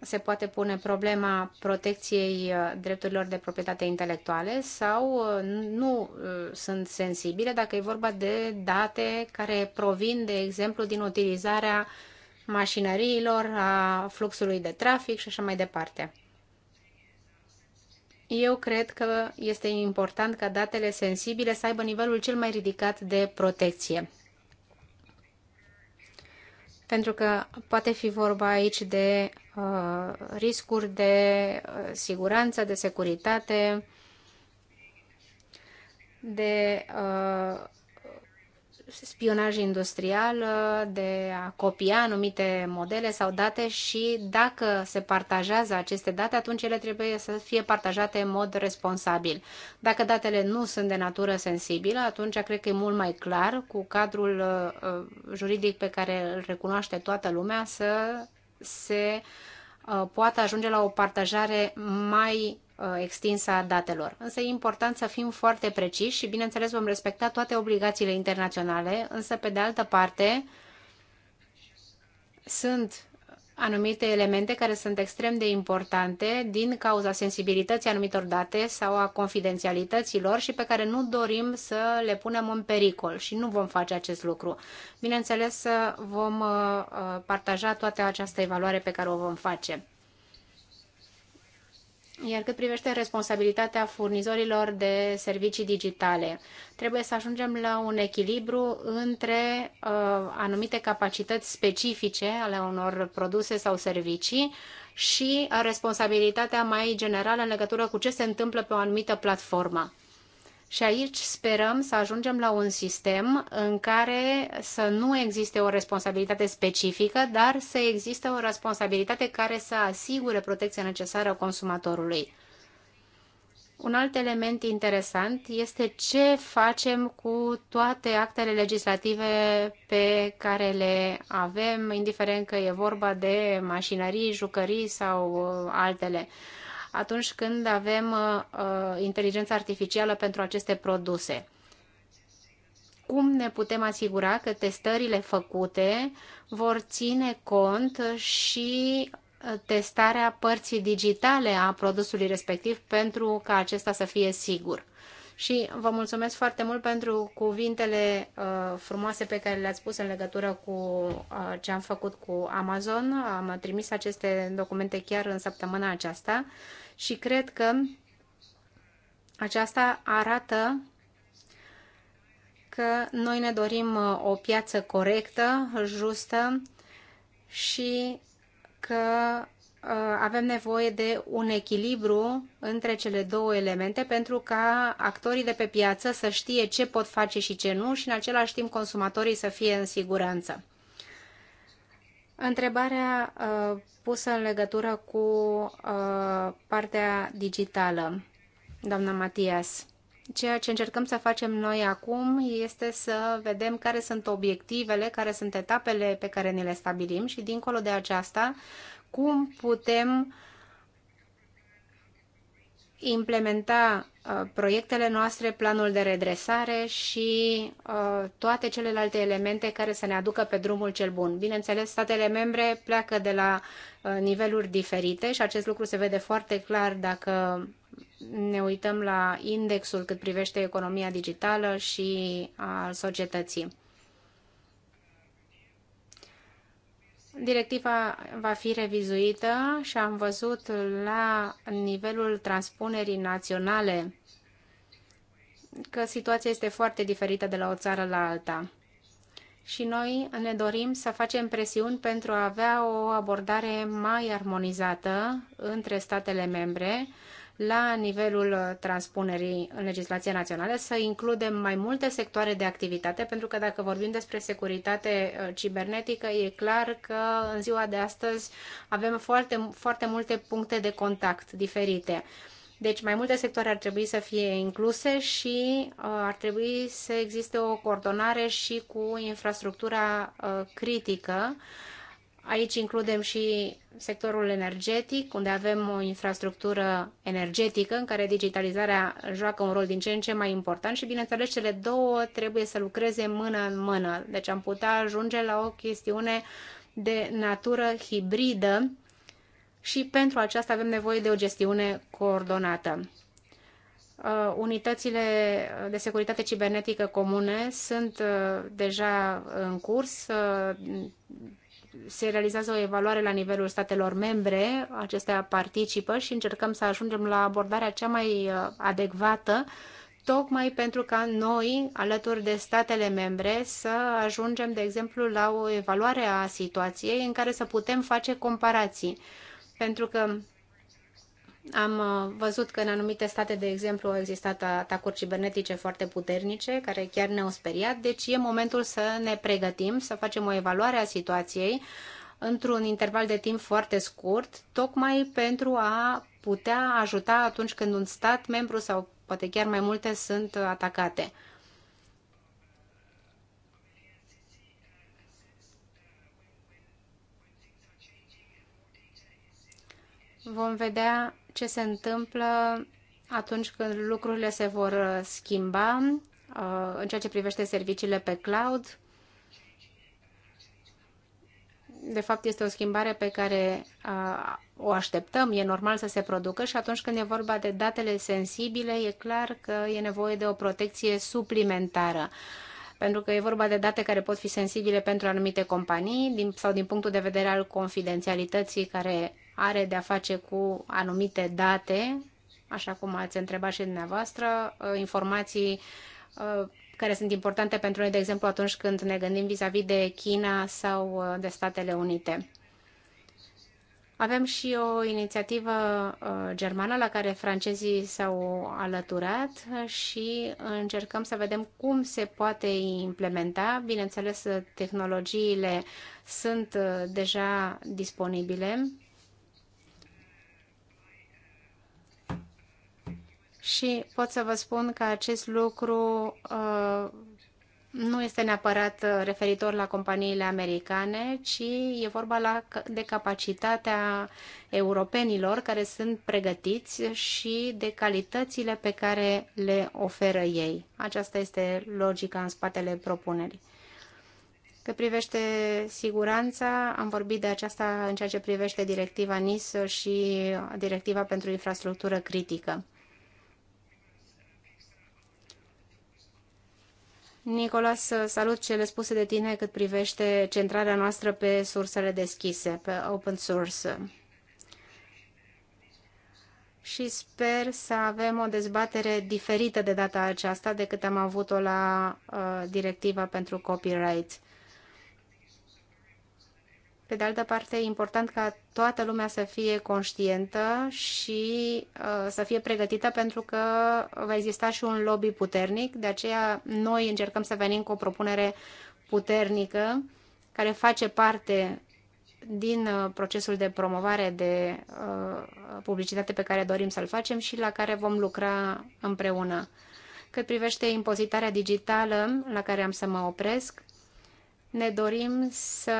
se poate pune problema protecției drepturilor de proprietate intelectuale sau nu sunt sensibile dacă e vorba de date care provin, de exemplu, din utilizarea uh, mașinăriilor, a fluxului de trafic și așa mai departe. Eu cred că este important ca datele sensibile să aibă nivelul cel mai ridicat de protecție. Pentru că poate fi vorba aici de uh, riscuri de uh, siguranță, de securitate, de uh, spionaj industrial, uh, de a copia anumite modele sau date și dacă se partajează aceste date, atunci ele trebuie să fie partajate în mod responsabil. Dacă datele nu sunt de natură sensibilă, atunci cred că e mult mai clar cu cadrul uh, uh, juridic pe care îl recunoaște toată lumea să se poată ajunge la o partajare mai Uh, extinsă a datelor. Însă e important să fim foarte preciși și, bineînțeles, vom respecta toate obligațiile internaționale, însă, pe de altă parte, sunt anumite elemente care sunt extrem de importante din cauza sensibilității anumitor date sau a confidențialităților și pe care nu dorim să le punem în pericol și nu vom face acest lucru. Bineînțeles, vom uh, uh, partaja toată această evaluare pe care o vom face. Iar cât privește responsabilitatea furnizorilor de servicii digitale, trebuie să ajungem la un echilibru între uh, anumite capacități specifice ale unor produse sau servicii și responsabilitatea mai generală în legătură cu ce se întâmplă pe o anumită platformă. Și aici sperăm să ajungem la un sistem în care să nu existe o responsabilitate specifică, dar să existe o responsabilitate care să asigure protecția necesară consumatorului. Un alt element interesant este ce facem cu toate actele legislative pe care le avem, indiferent că e vorba de mașinării, jucării sau altele atunci când avem uh, uh, inteligența artificială pentru aceste produse. Cum ne putem asigura că testările făcute vor ține cont și uh, testarea părții digitale a produsului respectiv pentru ca acesta să fie sigur. Și vă mulțumesc foarte mult pentru cuvintele uh, frumoase pe care le-ați spus în legătură cu uh, ce am făcut cu Amazon. Am trimis aceste documente chiar în săptămâna aceasta. Uh, și cred că aceasta arată că noi ne dorim uh, o piață corectă, justă și că uh, avem nevoie de un echilibru între cele două elemente pentru ca actorii de pe piață să știe ce pot face și ce nu și în același timp consumatorii să fie în siguranță. Întrebarea uh, pusă în legătură cu uh, partea digitală, doamna Matias. Ceea ce încercăm să facem noi acum este să vedem care sunt obiectivele, care sunt etapele pe care ne le stabilim și, dincolo de aceasta, cum putem uh, implementa uh, proiectele noastre, planul de redresare și uh, toate celelalte elemente care să ne aducă pe drumul cel bun. Bineînțeles, statele membre pleacă de la uh, niveluri diferite și acest lucru se vede foarte clar dacă ne uităm la indexul cât privește economia digitală și al societății. Directiva va fi revizuită și am văzut la nivelul transpunerii naționale că situația este foarte diferită de la o țară la alta. Și noi ne dorim să facem presiuni pentru a avea o abordare mai armonizată între statele membre, la nivelul transpunerii în legislația națională, să includem mai multe sectoare de activitate, pentru că dacă vorbim despre securitate uh, cibernetică, e clar că în ziua de astăzi avem foarte, foarte multe puncte de contact diferite. Deci mai multe sectoare ar trebui să fie incluse și uh, ar trebui să existe o coordonare și cu infrastructura uh, critică uh, Aici includem și sectorul energetic, unde avem o infrastructură energetică în care digitalizarea joacă un rol din ce în ce mai important și, bineînțeles, cele două trebuie să lucreze mână în mână. Deci am putea ajunge la o chestiune de natură hibridă și pentru aceasta avem nevoie de o gestiune coordonată uh, unitățile de securitate cibernetică comune sunt uh, deja în curs. Uh, se realizează o evaluare la nivelul statelor membre, acestea participă și încercăm să ajungem la abordarea cea mai uh, adecvată tocmai pentru ca noi, alături de statele membre, să ajungem, de exemplu, la o evaluare a situației în care să putem face comparații. Pentru că am uh, văzut că în anumite state, de exemplu, au existat atacuri cibernetice foarte puternice, care chiar ne-au speriat, deci e momentul să ne pregătim, să facem o evaluare a situației într-un interval de timp foarte scurt, tocmai pentru a putea ajuta atunci când un stat membru sau poate chiar mai multe sunt atacate. vom vedea ce se întâmplă atunci când lucrurile se vor uh, schimba uh, în ceea ce privește serviciile pe cloud. De fapt, este o schimbare pe care uh, o așteptăm, e normal să se producă și atunci când e vorba de datele sensibile, e clar că e nevoie de o protecție suplimentară pentru că e vorba de date care pot fi sensibile pentru anumite companii din, sau din punctul de vedere al confidențialității care are de-a face cu anumite date, așa cum ați întrebat și dumneavoastră, uh, informații uh, care sunt importante pentru noi, de exemplu, atunci când ne gândim vis-a-vis -vis de China sau uh, de Statele Unite. Avem și o inițiativă germană la care francezii s-au alăturat și încercăm să vedem cum se poate implementa. Bineînțeles, tehnologiile sunt deja disponibile și pot să vă spun că acest lucru uh, nu este neapărat uh, referitor la companiile americane, ci e vorba la, de capacitatea europenilor care sunt pregătiți și de calitățile pe care le oferă ei. Aceasta este logica în spatele propunerii. Cât privește siguranța, am vorbit de aceasta în ceea ce privește directiva NIS și directiva pentru infrastructură critică. Nicolas, salut cele spuse de tine cât privește centrarea noastră pe sursele deschise, pe open source. Și sper să avem o dezbatere diferită de data aceasta decât am avut-o la uh, directiva pentru copyright. Pe de altă parte, e important ca toată lumea să fie conștientă și uh, să fie pregătită pentru că va exista și un lobby puternic. De aceea, noi încercăm să venim cu o propunere puternică care face parte din uh, procesul de promovare de uh, publicitate pe care dorim să-l facem și la care vom lucra împreună. Cât privește impozitarea digitală, la care am să mă opresc, ne dorim să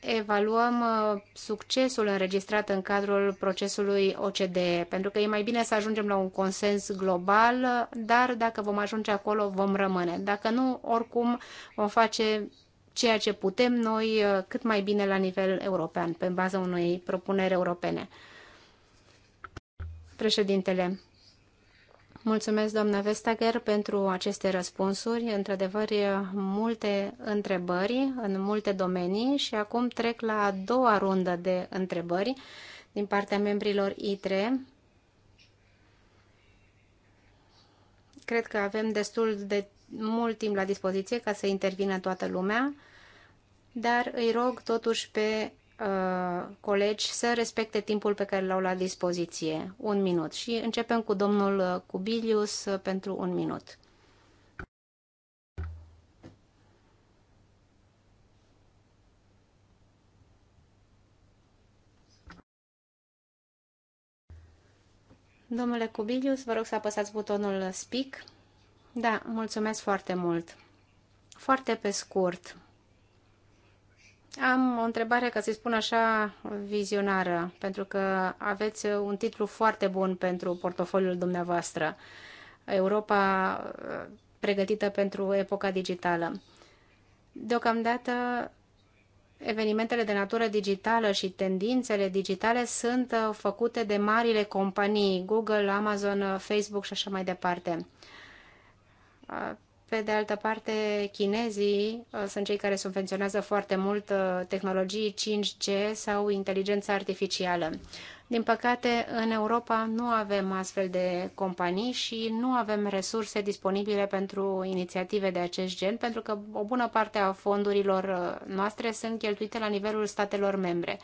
evaluăm uh, succesul înregistrat în cadrul procesului OCDE, pentru că e mai bine să ajungem la un consens global, dar dacă vom ajunge acolo, vom rămâne. Dacă nu, oricum vom face ceea ce putem noi uh, cât mai bine la nivel european, pe baza unei propuneri europene. Președintele, Mulțumesc, doamna Vestager, pentru aceste răspunsuri. Într-adevăr, multe întrebări în multe domenii și acum trec la a doua rundă de întrebări din partea membrilor ITRE. Cred că avem destul de mult timp la dispoziție ca să intervină toată lumea, dar îi rog totuși pe Uh, colegi să respecte timpul pe care l-au la dispoziție. Un minut. Și începem cu domnul uh, Cubilius uh, pentru un minut. Domnule Cubilius, vă rog să apăsați butonul Speak. Da, mulțumesc foarte mult. Foarte pe scurt, am o întrebare, ca să-i spun așa, vizionară, pentru că aveți un titlu foarte bun pentru portofoliul dumneavoastră, Europa uh, pregătită pentru epoca digitală. Deocamdată, evenimentele de natură digitală și tendințele digitale sunt uh, făcute de marile companii, Google, Amazon, uh, Facebook și așa mai departe pe de altă parte, chinezii uh, sunt cei care subvenționează foarte mult uh, tehnologii 5G sau inteligența artificială. Din păcate, în Europa nu avem astfel de companii și nu avem resurse disponibile pentru inițiative de acest gen, pentru că o bună parte a fondurilor uh, noastre sunt cheltuite la nivelul statelor membre.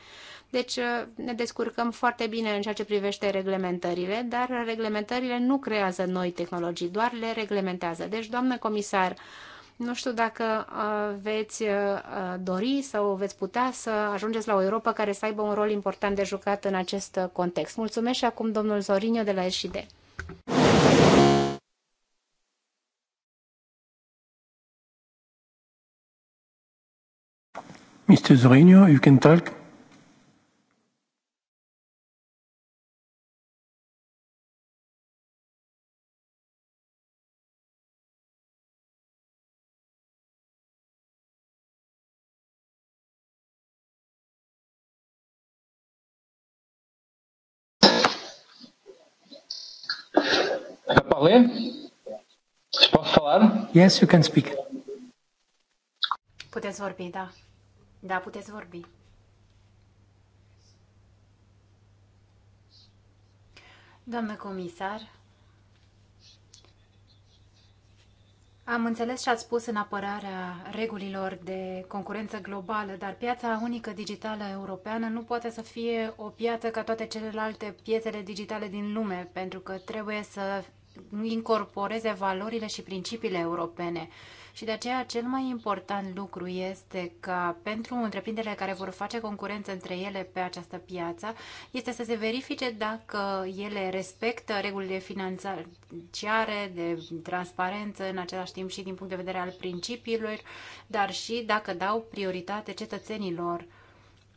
Deci uh, ne descurcăm foarte bine în ceea ce privește reglementările, dar reglementările nu creează noi tehnologii, doar le reglementează. Deci, doamnă comisar, nu știu dacă uh, veți uh, dori sau veți putea să ajungeți la o Europa care să aibă un rol important de jucat în acest context. Mulțumesc și acum domnul Zorinio de la SID. Mr. Zorinio, you can talk. Yes, you can speak. Puteți vorbi, da. Da, puteți vorbi. Doamnă comisar, am înțeles și ați spus în apărarea regulilor de concurență globală, dar piața unică digitală europeană nu poate să fie o piață ca toate celelalte piețele digitale din lume, pentru că trebuie să incorporeze valorile și principiile europene. Și de aceea cel mai important lucru este că pentru întreprinderile care vor face concurență între ele pe această piață, este să se verifice dacă ele respectă regulile financiare, de transparență, în același timp și din punct de vedere al principiilor, dar și dacă dau prioritate cetățenilor.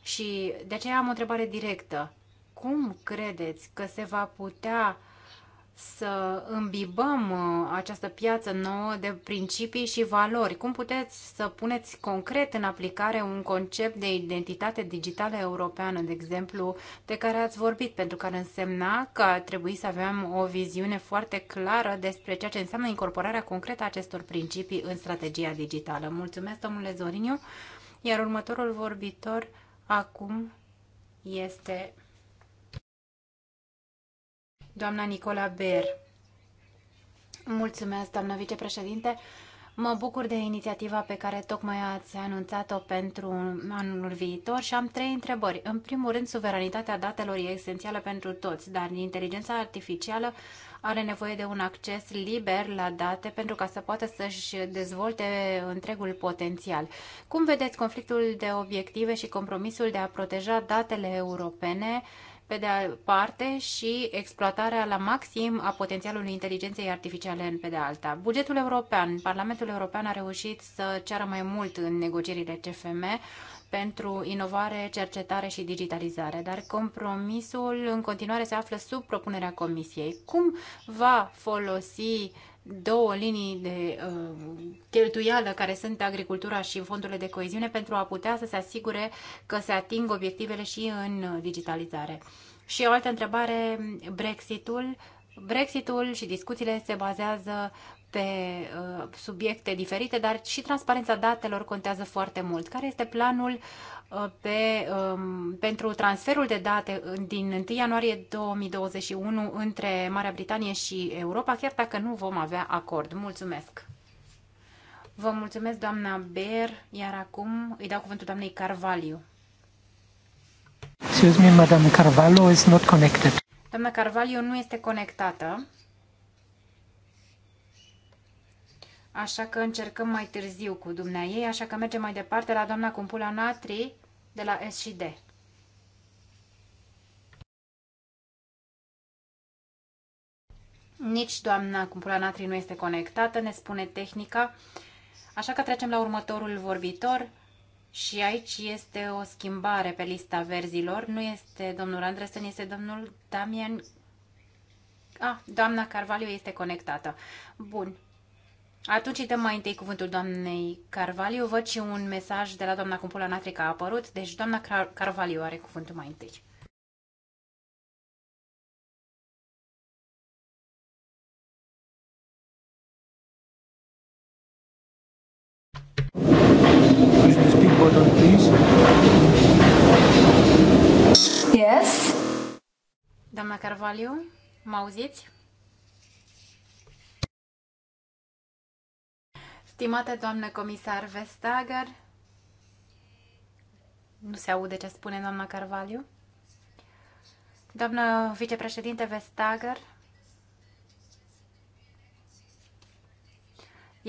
Și de aceea am o întrebare directă. Cum credeți că se va putea să îmbibăm uh, această piață nouă de principii și valori? Cum puteți să puneți concret în aplicare un concept de identitate digitală europeană, de exemplu, de care ați vorbit, pentru care însemna că ar trebui să avem o viziune foarte clară despre ceea ce înseamnă incorporarea concretă a acestor principii în strategia digitală. Mulțumesc, domnule Zoriniu. Iar următorul vorbitor acum este doamna Nicola Ber. Mulțumesc, doamna vicepreședinte. Mă bucur de inițiativa pe care tocmai ați anunțat-o pentru anul viitor și am trei întrebări. În primul rând, suveranitatea datelor e esențială pentru toți, dar inteligența artificială are nevoie de un acces liber la date pentru ca să poată să-și dezvolte întregul potențial. Cum vedeți conflictul de obiective și compromisul de a proteja datele europene pe de-o parte, și exploatarea la maxim a potențialului inteligenței artificiale în pe de alta. Bugetul european, Parlamentul European a reușit să ceară mai mult în negocierile CFM pentru inovare, cercetare și digitalizare, dar compromisul în continuare se află sub propunerea Comisiei. Cum va folosi două linii de uh, cheltuială care sunt agricultura și fondurile de coeziune pentru a putea să se asigure că se ating obiectivele și în uh, digitalizare. Și o altă întrebare, Brexitul. Brexitul și discuțiile se bazează pe uh, subiecte diferite, dar și transparența datelor contează foarte mult. Care este planul pe, um, pentru transferul de date din 1 ianuarie 2021 între Marea Britanie și Europa, chiar dacă nu vom avea acord. Mulțumesc! Vă mulțumesc, doamna Ber, iar acum îi dau cuvântul doamnei Carvaliu. Excuse me, Madame Carvalho is not connected. Doamna Carvalho nu este conectată. așa că încercăm mai târziu cu dumnea ei, așa că mergem mai departe la doamna Cumpula Natri de la S și D. Nici doamna Cumpula Natri nu este conectată, ne spune tehnica, așa că trecem la următorul vorbitor și aici este o schimbare pe lista verzilor. Nu este domnul Andresen, este domnul Damian Ah, doamna Carvalho este conectată. Bun. Atunci îi dăm mai întâi cuvântul doamnei Carvaliu, Văd și un mesaj de la doamna Cumpula Natri că a apărut, deci doamna Car Carvaliu are cuvântul mai întâi. Yes. Doamna Carvaliu, mă auziți? Stimată doamnă comisar Vestager, nu se aude ce spune doamna Carvalho. Doamnă vicepreședinte Vestager,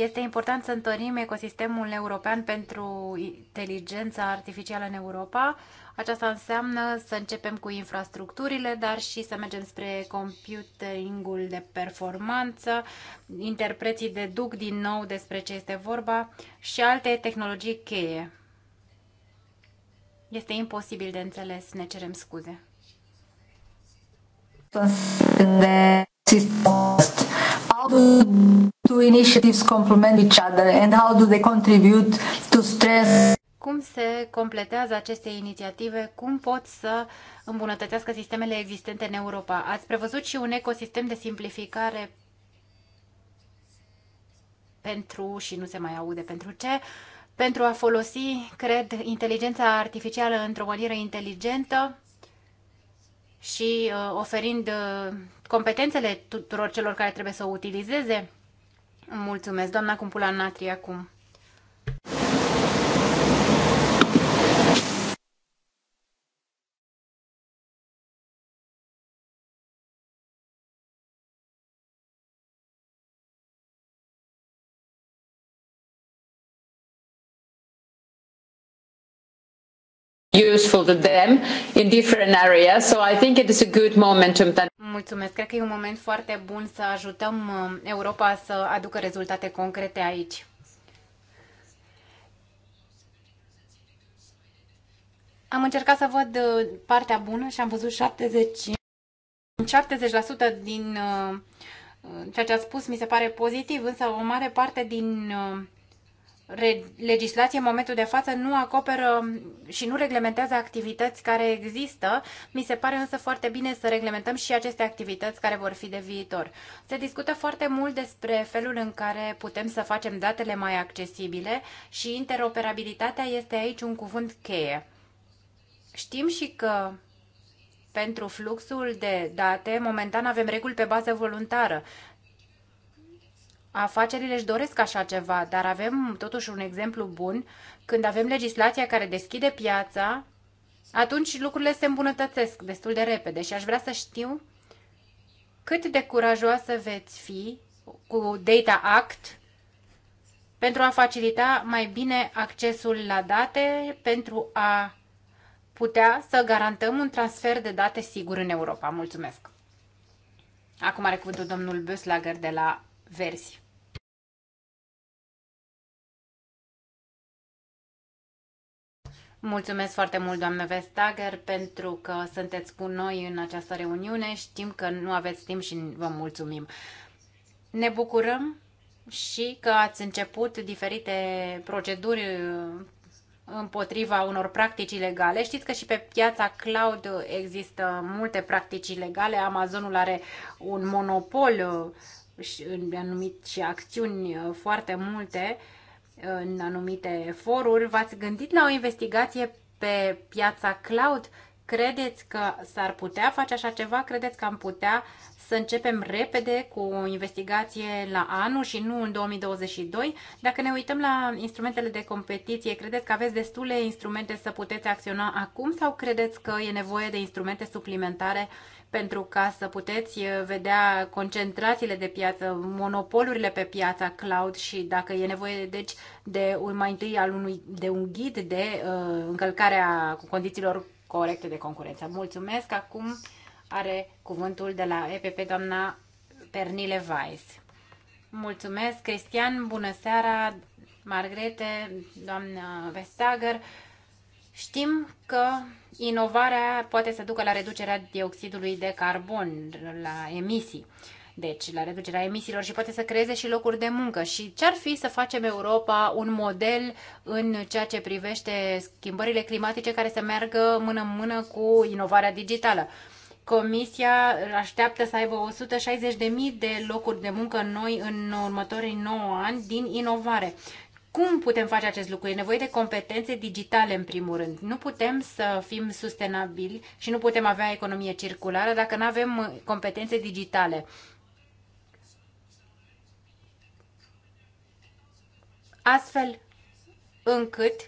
Este important să întărim ecosistemul european pentru inteligența artificială în Europa. Aceasta înseamnă să începem cu infrastructurile, dar și să mergem spre computeringul de performanță. Interpreții deduc din nou despre ce este vorba și alte tehnologii cheie. Este imposibil de înțeles, ne cerem scuze. De two initiatives complement each other and how do they contribute to stress cum se completează aceste inițiative, cum pot să îmbunătățească sistemele existente în Europa. Ați prevăzut și un ecosistem de simplificare pentru, și nu se mai aude pentru ce, pentru a folosi, cred, inteligența artificială într-o manieră inteligentă și uh, oferind uh, competențele tuturor celor care trebuie să o utilizeze Mulțumesc. Doamna Cumpula Natri acum. useful to them in different areas. So I think it is a good momentum that Mulțumesc. Cred că e un moment foarte bun să ajutăm uh, Europa să aducă rezultate concrete aici. Am încercat să văd uh, partea bună și am văzut 70, 70% din uh, ceea ce a spus mi se pare pozitiv, însă o mare parte din legislație în momentul de față nu acoperă și nu reglementează activități care există. Mi se pare însă foarte bine să reglementăm și aceste activități care vor fi de viitor. Se discută foarte mult despre felul în care putem să facem datele mai accesibile și interoperabilitatea este aici un cuvânt cheie. Știm și că pentru fluxul de date, momentan avem reguli pe bază voluntară, afacerile își doresc așa ceva, dar avem totuși un exemplu bun. Când avem legislația care deschide piața, atunci lucrurile se îmbunătățesc destul de repede și aș vrea să știu cât de curajoasă veți fi cu Data Act pentru a facilita mai bine accesul la date, pentru a putea să garantăm un transfer de date sigur în Europa. Mulțumesc! Acum are cuvântul domnul Böslager de la Versi. Mulțumesc foarte mult, doamnă Vestager, pentru că sunteți cu noi în această reuniune. Știm că nu aveți timp și vă mulțumim. Ne bucurăm și că ați început diferite proceduri împotriva unor practici ilegale. Știți că și pe piața cloud există multe practici ilegale. Amazonul are un monopol și, anumit, și acțiuni foarte multe în anumite foruri. V-ați gândit la o investigație pe piața cloud? Credeți că s-ar putea face așa ceva? Credeți că am putea să începem repede cu o investigație la anul și nu în 2022? Dacă ne uităm la instrumentele de competiție, credeți că aveți destule instrumente să puteți acționa acum sau credeți că e nevoie de instrumente suplimentare uh, pentru ca să puteți eh, vedea concentrațiile de piață, monopolurile pe piața cloud și dacă e nevoie deci de un, mai întâi al unui, de un ghid de uh, încălcarea condițiilor corecte de concurență. Mulțumesc! Acum are cuvântul de la EPP doamna Pernile Weiss. Mulțumesc, Cristian, bună seara, Margrete, doamna Vestager. Știm că inovarea poate să ducă la reducerea dioxidului de carbon, la emisii, deci la reducerea emisiilor și poate să creeze și locuri de muncă. Și ce-ar fi să facem Europa un model în ceea ce privește schimbările climatice care să meargă mână-mână cu inovarea digitală? Comisia așteaptă să aibă 160.000 de locuri de muncă noi în următorii 9 ani din inovare. Cum putem face acest lucru? E nevoie de competențe digitale, în primul rând. Nu putem să fim sustenabili și nu putem avea economie circulară dacă nu avem competențe digitale. Astfel încât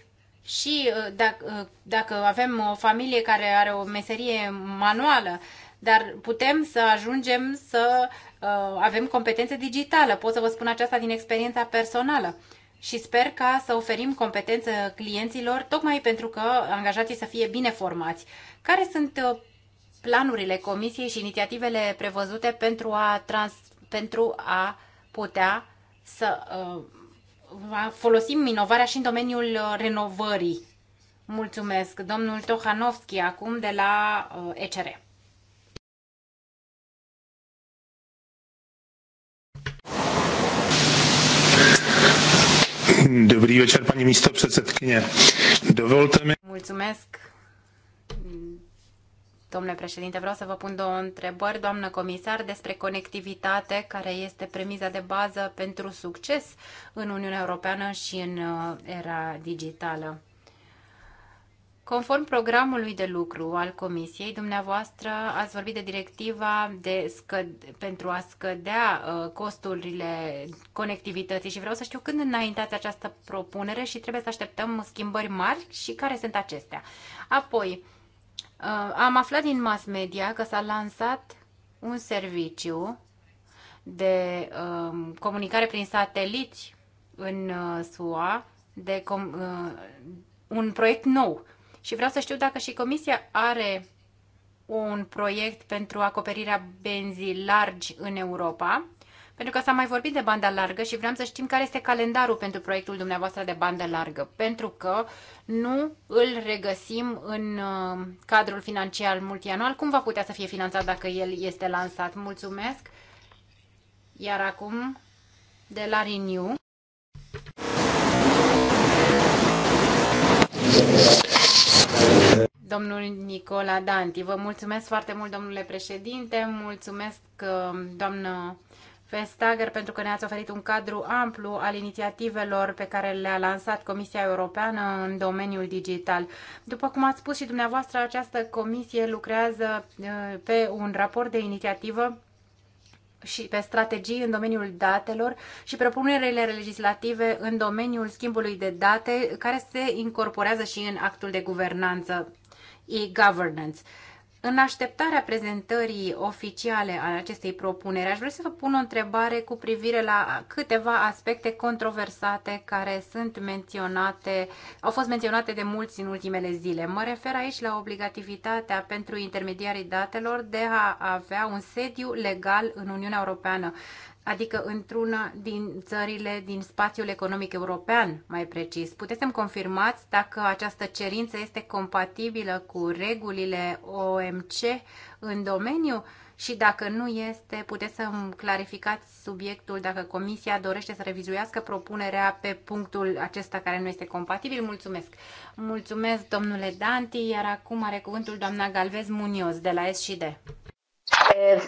și uh, dacă, uh, dacă avem o familie care are o meserie manuală, dar putem să ajungem să uh, avem competențe digitale. Pot să vă spun aceasta din experiența personală și sper ca să oferim competență clienților, tocmai pentru că angajații să fie bine formați. Care sunt uh, planurile comisiei și inițiativele prevăzute pentru a, trans, pentru a putea să uh, folosim inovarea și în domeniul uh, renovării? Mulțumesc, domnul Tohanovski, acum de la uh, ECR. Dobrý večer, paní místo předsedkyně. Dovolte mi... Mulțumesc, Domnule președinte, vreau să vă pun două întrebări, doamnă comisar, despre conectivitate, care este premiza de bază pentru succes în Uniunea Europeană și în uh, era digitală. Conform programului de lucru al Comisiei, dumneavoastră ați vorbit de directiva de scăd- pentru a scădea uh, costurile conectivității și vreau să știu când înaintați această propunere și trebuie să așteptăm schimbări mari și care sunt acestea. Apoi, uh, am aflat din mass media că s-a lansat un serviciu de um, comunicare prin sateliți în uh, SUA, de com- un proiect nou și vreau să știu dacă și Comisia are un proiect pentru acoperirea benzii largi în Europa, pentru că s-a mai vorbit de banda largă și vreau să știm care este calendarul pentru proiectul dumneavoastră de bandă largă, pentru că nu îl regăsim în uh, cadrul financiar multianual. Cum va putea să fie finanțat dacă el este lansat? Mulțumesc! Iar acum, de la Renew domnul Nicola Danti. Vă mulțumesc foarte mult, domnule președinte, mulțumesc, uh, doamnă Vestager, pentru că ne-ați oferit un cadru amplu al inițiativelor pe care le-a lansat Comisia Europeană în domeniul digital. După cum ați spus și dumneavoastră, această comisie lucrează uh, pe un raport de inițiativă și pe strategii în domeniul datelor și propunerile legislative în domeniul schimbului de date care se incorporează și în actul de guvernanță e-governance. În așteptarea prezentării oficiale a acestei propuneri, aș vrea să vă pun o întrebare cu privire la câteva aspecte controversate care sunt menționate, au fost menționate de mulți în ultimele zile. Mă refer aici la obligativitatea pentru intermediarii datelor de a avea un sediu legal în Uniunea Europeană adică într-una din țările din spațiul economic european, mai precis. Puteți să-mi confirmați dacă această cerință este compatibilă cu regulile OMC în domeniu și dacă nu este, puteți să-mi clarificați subiectul dacă Comisia dorește să revizuiască propunerea pe punctul acesta care nu este compatibil. Mulțumesc! Mulțumesc, domnule Danti, iar acum are cuvântul doamna Galvez Munioz de la SCD.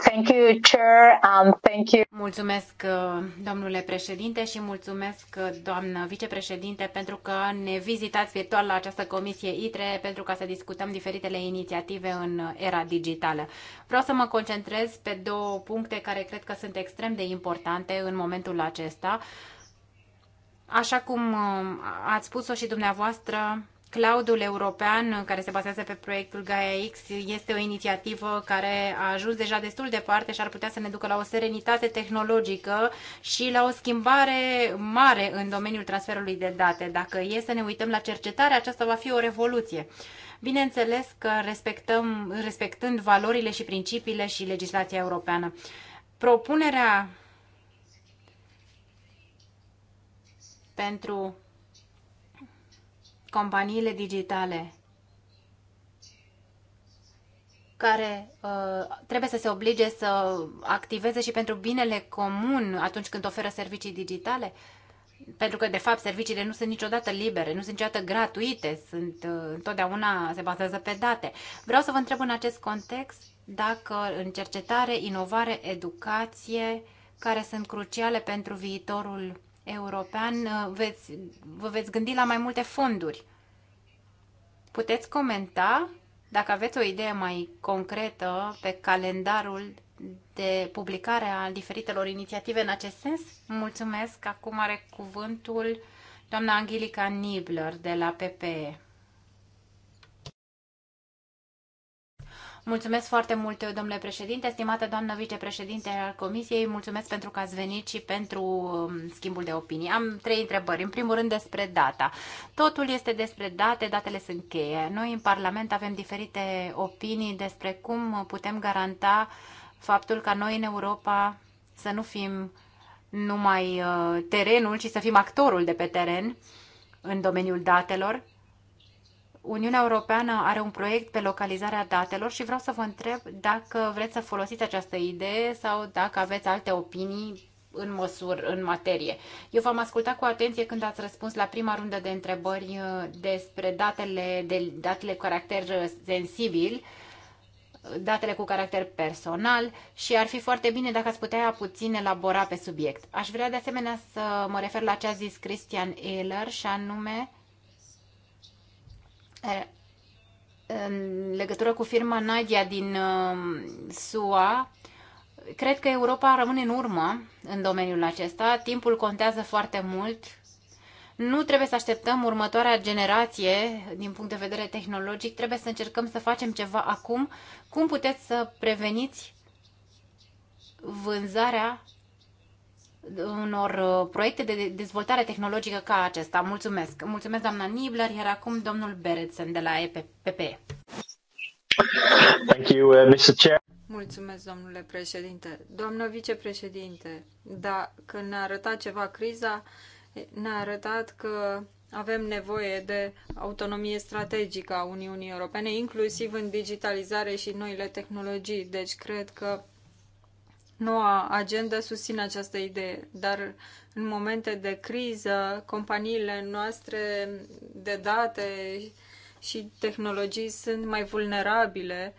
Thank you, Chair, and thank you. Mulțumesc, uh, domnule președinte, și mulțumesc, uh, doamnă vicepreședinte, pentru că ne vizitați virtual la această comisie ITRE pentru ca să discutăm diferitele inițiative în uh, era digitală. Vreau să mă concentrez pe două puncte care cred că sunt extrem de importante în momentul acesta. Așa cum ați spus-o și dumneavoastră, Cloudul european, care se bazează pe proiectul Gaia-X, este o inițiativă care a ajuns deja destul de departe și ar putea să ne ducă la o serenitate tehnologică și la o schimbare mare în domeniul transferului de date. Dacă e să ne uităm la cercetare, aceasta va fi o revoluție. Bineînțeles că respectăm, respectând valorile și principiile și legislația europeană. Propunerea pentru companiile digitale care uh, trebuie să se oblige să activeze și pentru binele comun atunci când oferă servicii digitale? Pentru că, de fapt, serviciile nu sunt niciodată libere, nu sunt niciodată gratuite, sunt uh, întotdeauna se bazează pe date. Vreau să vă întreb în acest context dacă în cercetare, inovare, educație, care sunt cruciale pentru viitorul european uh, veți, vă veți gândi la mai multe fonduri. Puteți comenta dacă aveți o idee mai concretă pe calendarul de publicare a diferitelor inițiative în acest sens? Mulțumesc. Acum are cuvântul doamna Angelica Nibler de la PPE. Mulțumesc foarte mult, domnule președinte, stimată doamnă vicepreședinte al Comisiei, mulțumesc pentru că ați venit și pentru um, schimbul de opinii. Am trei întrebări. În primul rând despre data. Totul este despre date, datele sunt cheie. Noi în Parlament avem diferite opinii despre cum putem garanta faptul ca noi în Europa să nu fim numai uh, terenul, ci să fim actorul de pe teren în domeniul datelor Uniunea Europeană are un proiect pe localizarea datelor și vreau să vă întreb dacă vreți să folosiți această idee sau dacă aveți alte opinii în măsură, în materie. Eu v-am ascultat cu atenție când ați răspuns la prima rundă de întrebări uh, despre datele, de, datele cu caracter uh, sensibil, datele cu caracter personal și ar fi foarte bine dacă ați putea puțin elabora pe subiect. Aș vrea de asemenea să mă refer la ce a zis Christian Ehler și anume Eh, în legătură cu firma Nadia din um, SUA, cred că Europa rămâne în urmă în domeniul acesta. Timpul contează foarte mult. Nu trebuie să așteptăm următoarea generație din punct de vedere tehnologic. Trebuie să încercăm să facem ceva acum. Cum puteți să preveniți vânzarea unor uh, proiecte de dezvoltare tehnologică ca acesta. Mulțumesc! Mulțumesc, doamna Nibler, iar acum domnul Beretsen de la EPP. Thank you, uh, Mr. Chair. Mulțumesc, domnule președinte. Doamnă vicepreședinte, da, când ne-a arătat ceva criza, ne-a arătat că avem nevoie de autonomie strategică a Uniunii Europene, inclusiv în digitalizare și noile tehnologii. Deci cred că Noua agendă susține această idee, dar în momente de criză, companiile noastre de date și tehnologii sunt mai vulnerabile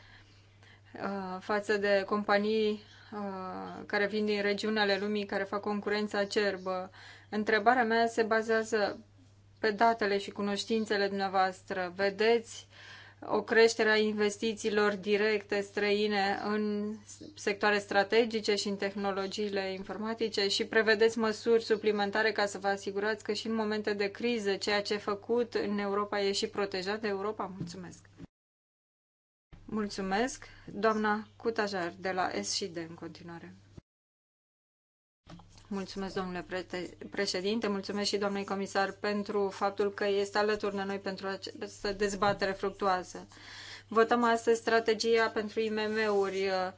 uh, față de companii uh, care vin din regiuni ale lumii care fac concurența acerbă. Întrebarea mea se bazează pe datele și cunoștințele dumneavoastră. Vedeți uh, o creștere a investițiilor directe străine în sectoare strategice și în tehnologiile informatice și prevedeți măsuri suplimentare ca să vă asigurați că și în momente de criză ceea ce e făcut în Europa e și protejat de Europa? Mulțumesc! Mulțumesc, doamna Cutajar de la S în continuare. Mulțumesc, domnule președinte, mulțumesc și domnului comisar pentru faptul că este alături de noi pentru această dezbatere fructuoasă. Votăm astăzi strategia pentru IMM-uri uh,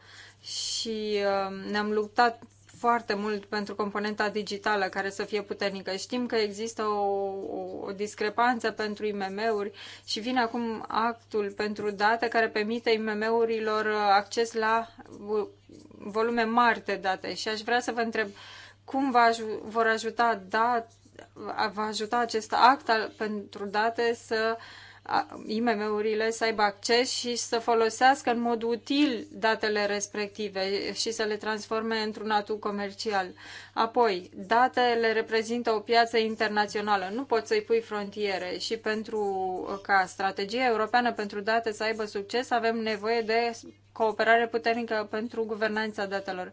și uh, ne-am luptat foarte mult pentru componenta digitală care să fie puternică. Știm că există o, o discrepanță pentru IMM-uri și vine acum actul pentru date care permite IMM-urilor uh, acces la volume mari de date. Și aș vrea să vă întreb, uh, cum va, vor ajuta dat, va ajuta acest act al, pentru date să IMM-urile să aibă acces și să folosească în mod util datele respective și să le transforme într-un atu comercial. Apoi, datele reprezintă o piață internațională, nu poți să-i pui frontiere și pentru ca strategia europeană pentru date să aibă succes avem nevoie de cooperare puternică pentru guvernanța datelor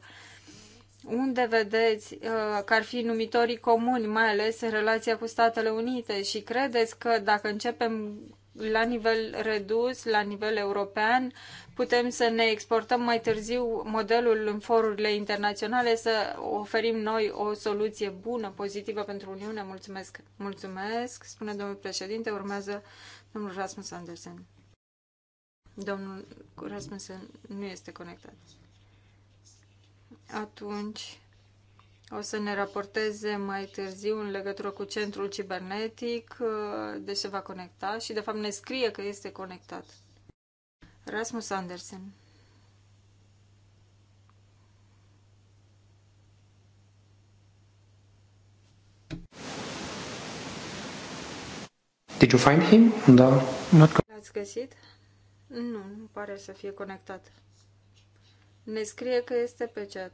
unde vedeți uh, că ar fi numitorii comuni, mai ales în relația cu Statele Unite și credeți că dacă începem la nivel redus, la nivel european, putem să ne exportăm mai târziu modelul în forurile internaționale, să oferim noi o soluție bună, pozitivă pentru Uniune. Mulțumesc! Mulțumesc, spune domnul președinte. Urmează domnul Rasmus Andersen. Domnul Rasmussen nu este conectat atunci o să ne raporteze mai târziu în legătură cu centrul cibernetic, de se va conecta și de fapt ne scrie că este conectat. Rasmus Andersen Did you find him? Da. Not... L-ați găsit? Nu, nu pare să fie conectat. Ne scrie că este pe chat.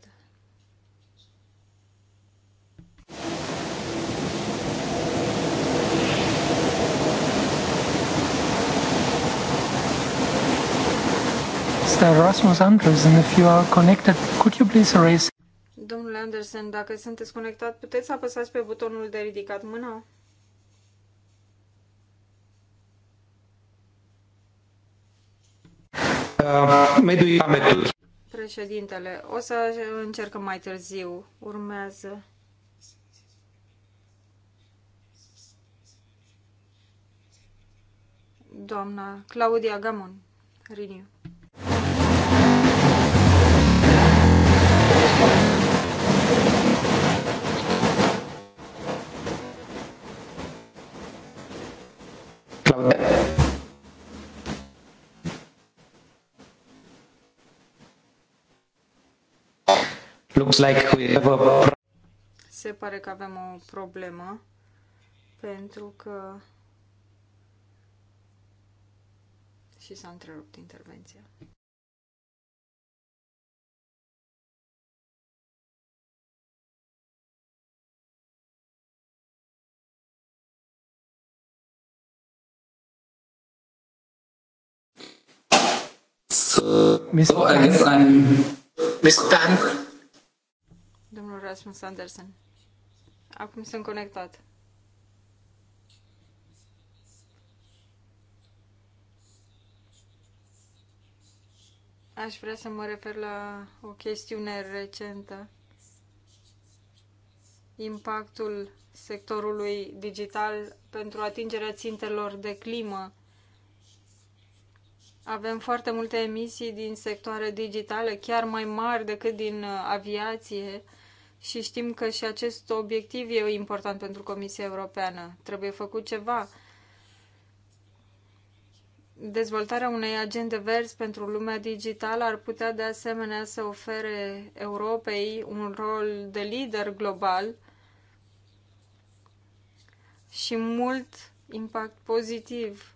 Mr. Rasmus Andersen, if you are connected, could you please raise... Domnule Andersen, dacă sunteți conectat, puteți să apăsați pe butonul de ridicat mâna? Uh, maybe I'm at Președintele, o să încercăm mai târziu. Urmează. Doamna Claudia Gamon, Riniu. like we have a Se pare că avem o problemă pentru că și s-a întrerupt intervenția. So, I guess I'm Mr. Tan. Rasmus Andersen. Acum sunt conectat. Aș vrea să mă refer la o chestiune recentă. Impactul sectorului digital pentru atingerea țintelor de climă. Avem foarte multe emisii din sectoare digitale, chiar mai mari decât din uh, aviație, și știm că și acest obiectiv e important pentru Comisia Europeană. Trebuie făcut ceva. Dezvoltarea unei agende verzi pentru lumea digitală ar putea de asemenea să ofere Europei un rol de lider global și mult impact pozitiv,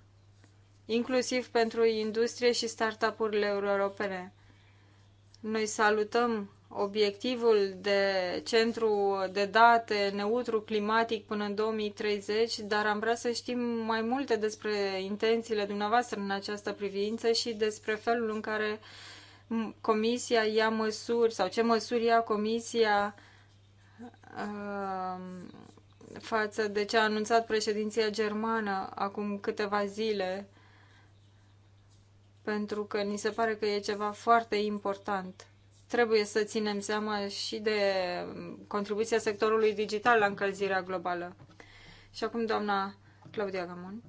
inclusiv pentru industrie și startup-urile europene. Noi salutăm obiectivul de centru de date neutru climatic până în 2030, dar am vrea să știm mai multe despre intențiile dumneavoastră în această privință și despre felul în care Comisia ia măsuri sau ce măsuri ia Comisia uh, față de ce a anunțat președinția germană acum câteva zile, pentru că ni se pare că e ceva foarte important trebuie să ținem seama și de contribuția sectorului digital la încălzirea globală. Și acum doamna Claudia Gamon.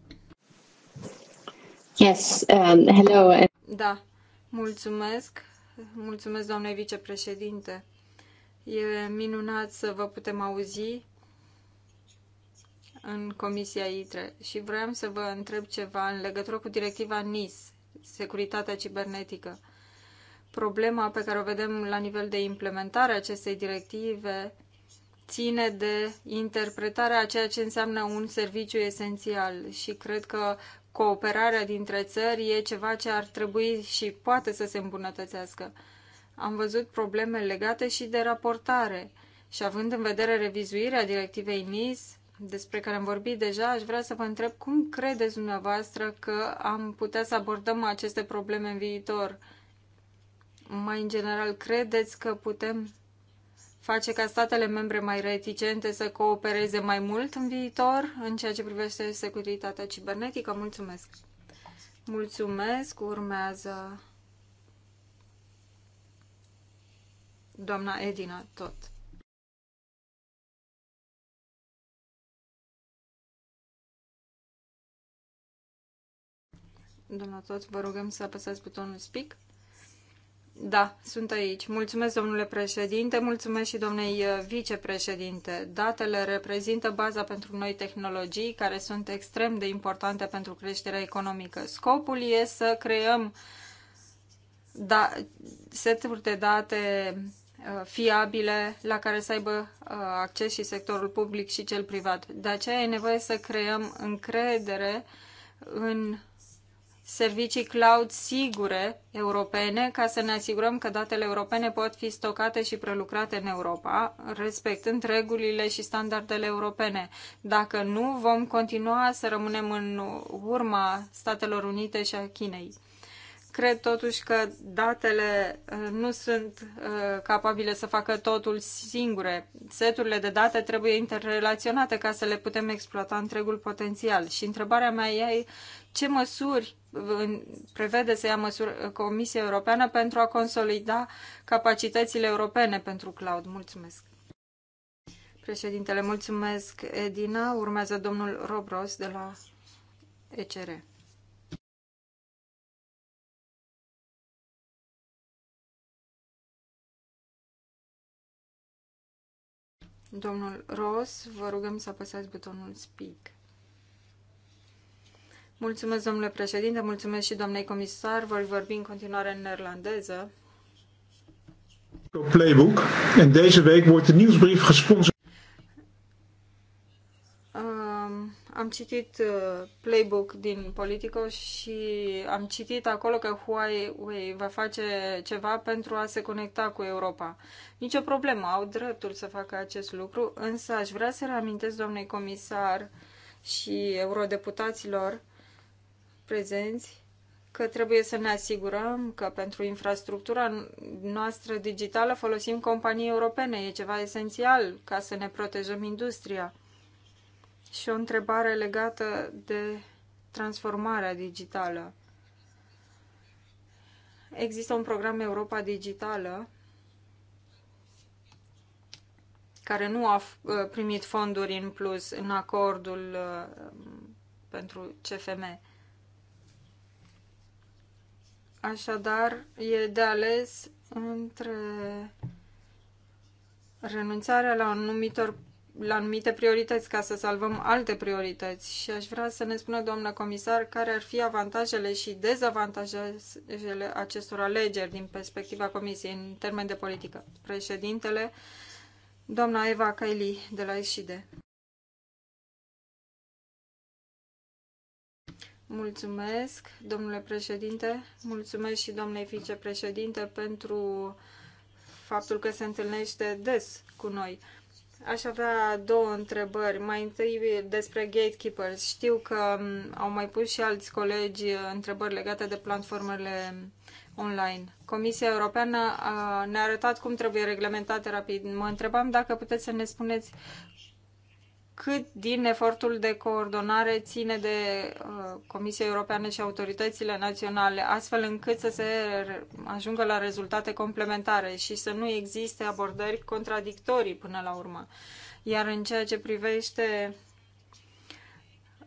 Yes, um, hello. Da, mulțumesc. Mulțumesc, doamne vicepreședinte. E minunat să vă putem auzi în Comisia ITRE și vreau să vă întreb ceva în legătură cu directiva NIS, securitatea cibernetică problema pe care o vedem la nivel de implementare a acestei directive ține de interpretarea a ceea ce înseamnă un serviciu esențial și cred că cooperarea dintre țări e ceva ce ar trebui și poate să se îmbunătățească. Am văzut probleme legate și de raportare și având în vedere revizuirea directivei NIS, despre care am vorbit deja, aș vrea să vă întreb cum credeți dumneavoastră că am putea să abordăm aceste probleme în viitor mai în general, credeți că putem face ca statele membre mai reticente să coopereze mai mult în viitor în ceea ce privește securitatea cibernetică? Mulțumesc! Mulțumesc! Urmează doamna Edina tot. Doamna tot, vă rugăm să apăsați butonul speak. Da, sunt aici. Mulțumesc, domnule președinte, mulțumesc și domnei uh, vicepreședinte. Datele reprezintă baza pentru noi tehnologii care sunt extrem de importante pentru creșterea economică. Scopul e să creăm da, seturi de date uh, fiabile la care să aibă uh, acces și sectorul public și cel privat. De aceea e nevoie să creăm încredere în servicii cloud sigure europene ca să ne asigurăm că datele europene pot fi stocate și prelucrate în Europa, respectând regulile și standardele europene. Dacă nu, vom continua să rămânem în urma Statelor Unite și a Chinei. Cred totuși că datele uh, nu sunt uh, capabile să facă totul singure. Seturile de date trebuie interrelaționate ca să le putem exploata întregul potențial. Și întrebarea mea e ce măsuri prevede să ia măsuri Comisia Europeană pentru a consolida capacitățile europene pentru cloud. Mulțumesc. Președintele, mulțumesc, Edina. Urmează domnul Robros de la ECR. Domnul Ros, vă rugăm să apăsați butonul Speak. Mulțumesc, domnule președinte, mulțumesc și doamnei comisar. Voi vorbi în continuare în neerlandeză. Playbook. En deze week wordt de nieuwsbrief gesponsord. Ehm, am citit eh, playbook din Politico și am citit acolo că Huawei va face ceva pentru a se conecta cu Europa. Nicio problemă, au dreptul să facă acest lucru, însă aș vrea să reamintesc doamnei comisar și eurodeputaților prezenți că trebuie să ne asigurăm că pentru infrastructura noastră digitală folosim companii europene. E ceva esențial ca să ne protejăm industria. Și o întrebare legată de transformarea digitală. Există un program Europa Digitală care nu a uh, primit fonduri în plus în acordul uh, pentru CFM. Așadar, e de ales între renunțarea la, anumitor, la anumite priorități ca să salvăm alte priorități. Și aș vrea să ne spună, doamnă comisar, care ar fi avantajele și dezavantajele acestor alegeri din perspectiva comisiei în termen de politică. Președintele, doamna Eva Kaili de la Iside. Mulțumesc, domnule președinte, mulțumesc și domnule vicepreședinte pentru faptul că se întâlnește des cu noi. Aș avea două întrebări. Mai întâi despre gatekeepers. Știu că mm, au mai pus și alți colegi întrebări legate de platformele online. Comisia Europeană ne-a arătat cum trebuie reglementate rapid. Mă întrebam dacă puteți să ne spuneți cât din efortul de coordonare ține de uh, Comisia Europeană și autoritățile naționale, astfel încât să se ajungă la rezultate complementare și să nu existe abordări contradictorii până la urmă. Iar în ceea ce privește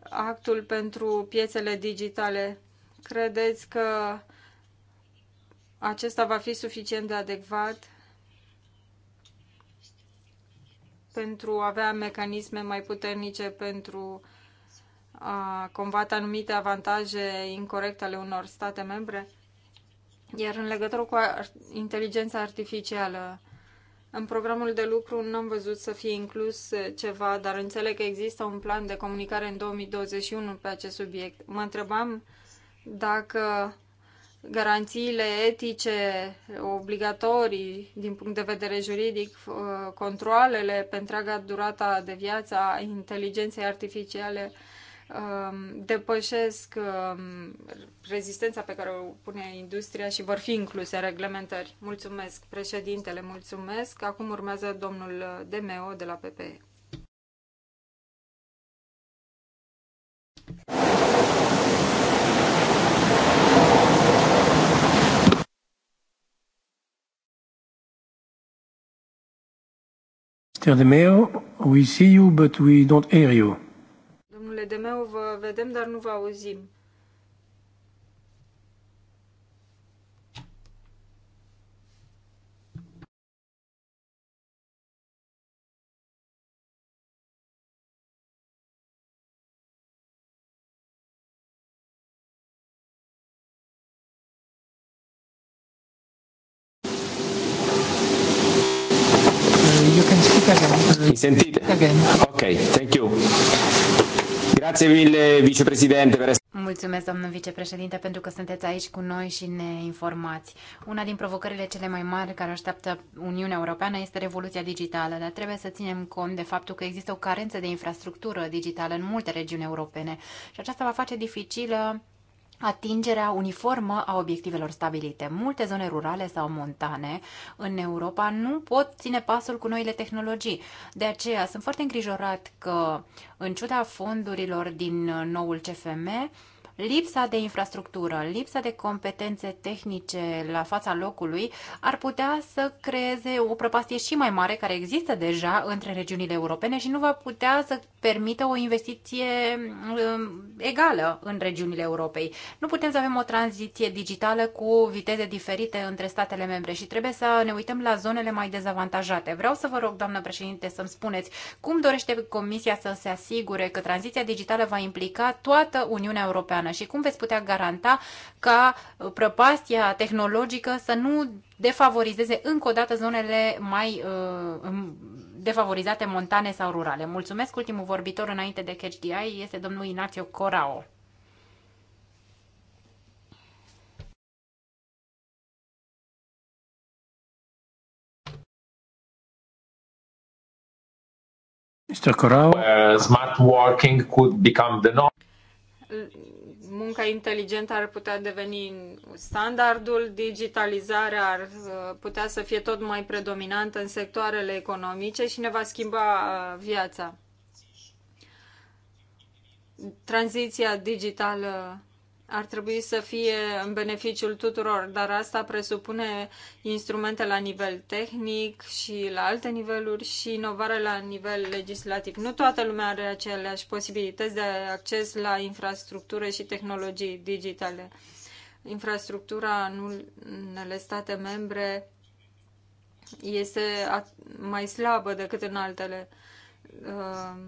actul pentru piețele digitale, credeți că acesta va fi suficient de adecvat pentru a avea mecanisme mai puternice pentru a combate anumite avantaje incorrecte ale unor state membre? Iar în legătură cu inteligența artificială, în programul de lucru nu am văzut să fie inclus ceva, dar înțeleg că există un plan de comunicare în 2021 pe acest subiect. Mă întrebam dacă garanțiile etice obligatorii din punct de vedere juridic, uh, controlele pe întreaga durata de viață a inteligenței artificiale um, depășesc um, rezistența pe care o pune industria și vor fi incluse reglementări. Mulțumesc, președintele, mulțumesc. Acum urmează domnul DMO de la PPE. Mr. De we see you, but we don't hear you. Domnule De vă vedem, dar nu vă auzim. sentite? Ok, thank you. Grazie mille, vicepresidente, per essere... Mulțumesc, domnul vicepreședinte, pentru că sunteți aici cu noi și ne informați. Una din provocările cele mai mari care așteaptă Uniunea Europeană este revoluția digitală, dar trebuie să ținem cont de faptul că există o carență de infrastructură digitală în multe regiuni europene și aceasta va face dificilă atingerea uniformă a obiectivelor stabilite. Multe zone rurale sau montane în Europa nu pot ține pasul cu noile tehnologii. De aceea sunt foarte îngrijorat că, în ciuda fondurilor din noul CFM, lipsa de infrastructură, lipsa de competențe tehnice la fața locului ar putea să creeze o prăpastie și mai mare care există deja între regiunile europene și nu va putea să permită o investiție um, egală în regiunile Europei. Nu putem să avem o tranziție digitală cu viteze diferite între statele membre și trebuie să ne uităm la zonele mai dezavantajate. Vreau să vă rog, doamnă președinte, să-mi spuneți cum dorește Comisia să se asigure că tranziția digitală va implica toată Uniunea Europeană umană și cum veți putea garanta ca prăpastia tehnologică să nu defavorizeze încă o dată zonele mai uh, defavorizate montane sau rurale. Mulțumesc. Ultimul vorbitor înainte de Catch the Eye este domnul Inacio Corao. Mr. Corral. Uh, smart working could become the norm munca inteligentă ar putea deveni standardul, digitalizarea ar uh, putea să fie tot mai predominantă în sectoarele economice și ne va schimba uh, viața. Tranziția digitală ar trebui să fie în beneficiul tuturor, dar asta presupune instrumente la nivel tehnic și la alte niveluri și inovare la nivel legislativ. Nu toată lumea are aceleași posibilități de acces la infrastructură și tehnologii digitale. Infrastructura în unele state membre este mai slabă decât în altele. Uh,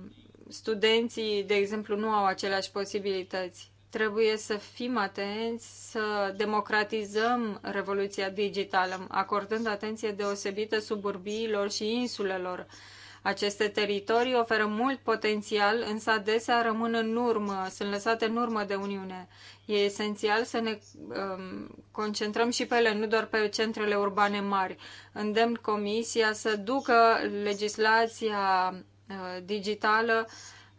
studenții, de exemplu, nu au aceleași posibilități Trebuie să fim atenți să democratizăm revoluția digitală, acordând atenție deosebită suburbiilor și insulelor. Aceste teritorii oferă mult potențial, însă adesea rămân în urmă, sunt lăsate în urmă de Uniune. E esențial să ne um, concentrăm și pe ele, nu doar pe centrele urbane mari. Îndemn Comisia să ducă legislația uh, digitală uh,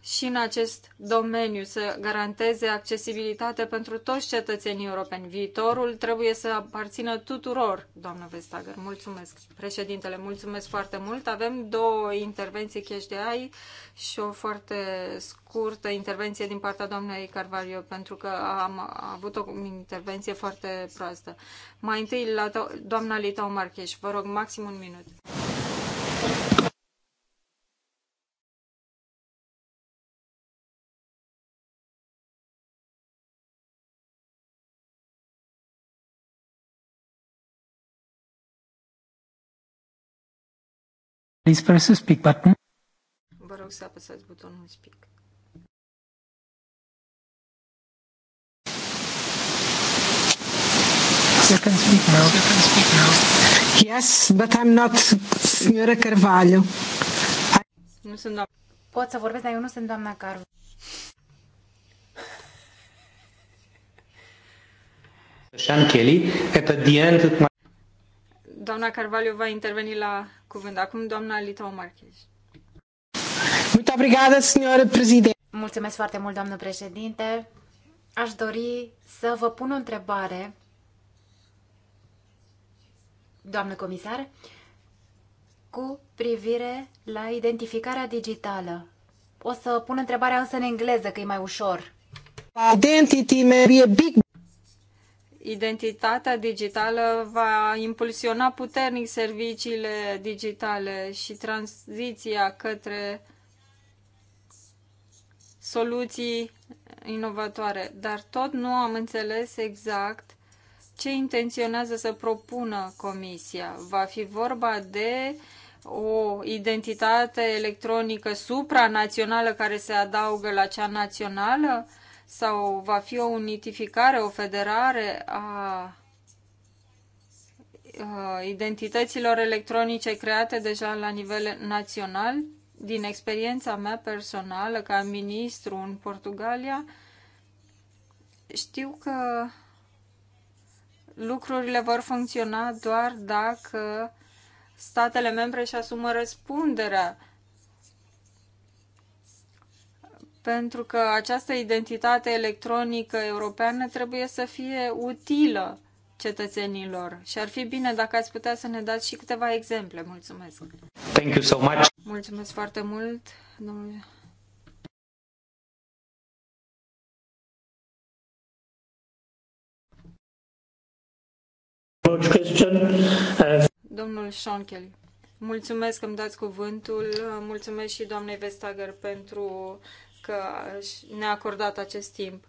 și în acest domeniu, să garanteze accesibilitate pentru toți cetățenii europeni. Viitorul trebuie să aparțină tuturor, doamnă Vestager. Mulțumesc, președintele, mulțumesc foarte mult. Avem două intervenții cash de ai și o foarte scurtă intervenție din partea doamnei Carvalho, pentru că am avut o intervenție foarte proastă. Mai întâi la doamna Litau Marcheș. Vă rog, maxim un minut. Please press the speak button. Vă rog să apăsați butonul speak. You can speak now. You can speak now. Yes, but I'm not Signora Carvalho. I... Nu sunt doamna. Pot să vorbesc, dar eu nu sunt doamna Carvalho. Sean Kelly, at the end, my Doamna Carvalho va interveni la cuvânt. Acum doamna Lita Omarchez. Muito obrigada, senhora presidente. Mulțumesc foarte mult, doamnă președinte. Aș dori să vă pun o întrebare, doamnă comisar, cu privire la identificarea digitală. O să pun întrebarea însă în engleză, că e mai ușor. Identity may be a big identitatea digitală va impulsiona puternic serviciile digitale și tranziția către soluții inovatoare. Dar tot nu am înțeles exact ce intenționează să propună Comisia. Va fi vorba de o identitate electronică supranațională care se adaugă la cea națională? sau va fi o unificare, o federare a identităților electronice create deja la nivel național. Din experiența mea personală ca ministru în Portugalia, știu că lucrurile vor funcționa doar dacă statele membre își asumă răspunderea pentru că această identitate electronică europeană trebuie să fie utilă cetățenilor și ar fi bine dacă ați putea să ne dați și câteva exemple. Mulțumesc! Thank you so much! Mulțumesc foarte mult, domnule... Domnul Sean Kelly. Mulțumesc că îmi dați cuvântul. Mulțumesc și doamnei Vestager pentru că ne-a acordat acest timp.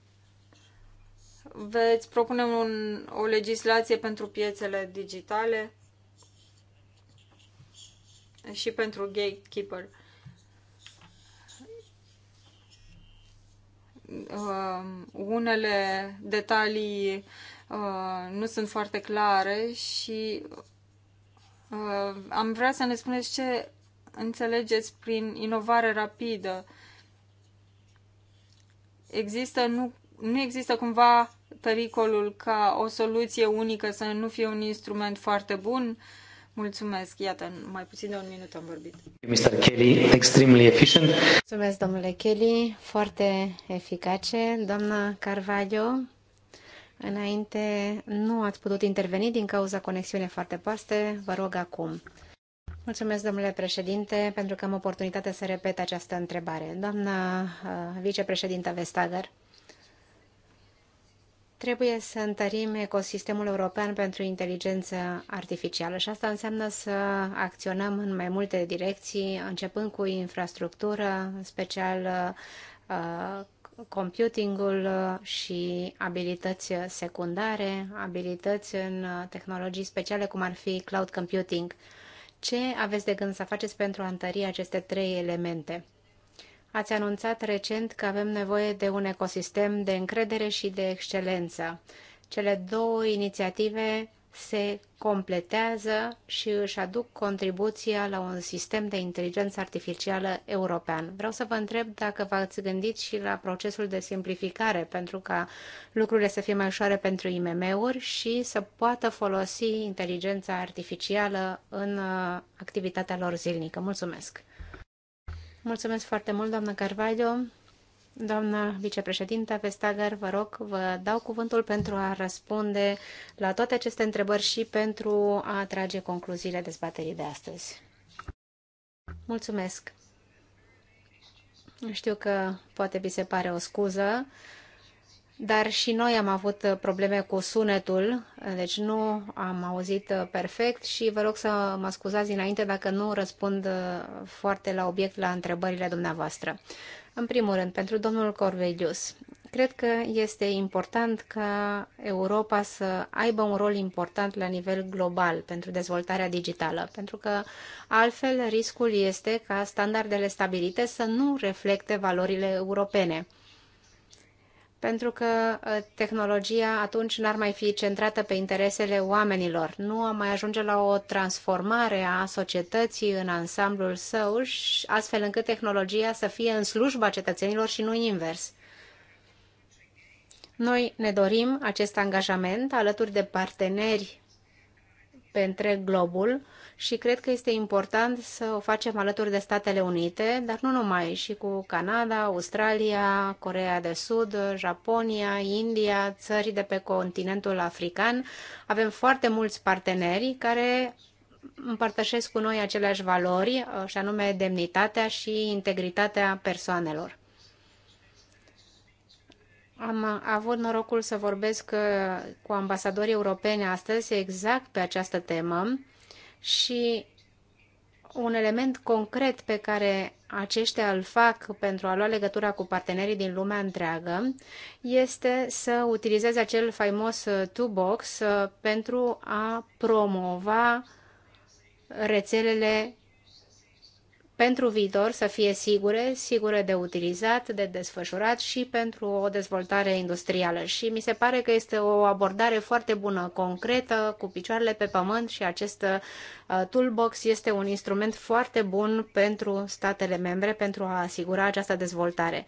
Veți propune un, o legislație pentru piețele digitale și pentru gatekeeper. Uh, unele detalii uh, nu sunt foarte clare și uh, am vrea să ne spuneți ce înțelegeți prin inovare rapidă uh, există, nu, nu există cumva pericolul ca o soluție unică să nu fie un instrument foarte bun? Mulțumesc. Iată, mai puțin de un minut am vorbit. Mr. Kelly, extremely efficient. Mulțumesc, domnule Kelly, foarte eficace. Doamna Carvalho, înainte nu ați putut interveni din cauza conexiunii foarte paste. Vă rog acum. Mulțumesc, domnule președinte, pentru că am oportunitatea să repet această întrebare. Doamna uh, vicepreședintă Vestager, trebuie să întărim ecosistemul european pentru inteligență artificială și asta înseamnă să acționăm în mai multe direcții, începând cu infrastructură, în special uh, computingul și abilități secundare, abilități în tehnologii speciale, cum ar fi cloud computing. Ce aveți de gând să faceți pentru a întări aceste trei elemente? Ați anunțat recent că avem nevoie de un ecosistem de încredere și de excelență. Cele două inițiative se completează și își aduc contribuția la un sistem de inteligență artificială european. Vreau să vă întreb dacă v-ați gândit și la procesul de simplificare pentru ca lucrurile să fie mai ușoare pentru IMM-uri și să poată folosi inteligența artificială în uh, activitatea lor zilnică. Mulțumesc! Mulțumesc foarte mult, doamnă Carvalho! Doamna vicepreședintă Vestager, vă rog, vă dau cuvântul pentru a răspunde la toate aceste întrebări și pentru a trage concluziile dezbaterii de astăzi. Mulțumesc! Știu că poate vi se pare o scuză, dar și noi am avut probleme cu sunetul, deci nu am auzit perfect și vă rog să mă scuzați înainte dacă nu răspund foarte la obiect la întrebările dumneavoastră. În primul rând, pentru domnul Corvelius, cred că este important ca Europa să aibă un rol important la nivel global pentru dezvoltarea digitală, pentru că altfel riscul este ca standardele stabilite să nu reflecte valorile europene pentru că uh, tehnologia atunci n-ar mai fi centrată pe interesele oamenilor. Nu am mai ajunge la o transformare a societății în ansamblul său, astfel încât tehnologia să fie în slujba cetățenilor și nu invers. Noi ne dorim acest angajament alături de parteneri pe întreg globul, și cred că este important să o facem alături de Statele Unite, dar nu numai, și cu Canada, Australia, Corea de Sud, Japonia, India, țări de pe continentul african. Avem foarte mulți parteneri care împărtășesc cu noi aceleași valori, și anume demnitatea și integritatea persoanelor. Am avut norocul să vorbesc cu ambasadorii europeni astăzi exact pe această temă și un element concret pe care aceștia îl fac pentru a lua legătura cu partenerii din lumea întreagă este să utilizeze acel faimos two-box uh, pentru a promova rețelele pentru viitor să fie sigure, sigure de utilizat, de desfășurat și pentru o dezvoltare industrială. Și mi se pare că este o abordare foarte bună, concretă, cu picioarele pe pământ și acest uh, toolbox este un instrument foarte bun pentru statele membre pentru a asigura această dezvoltare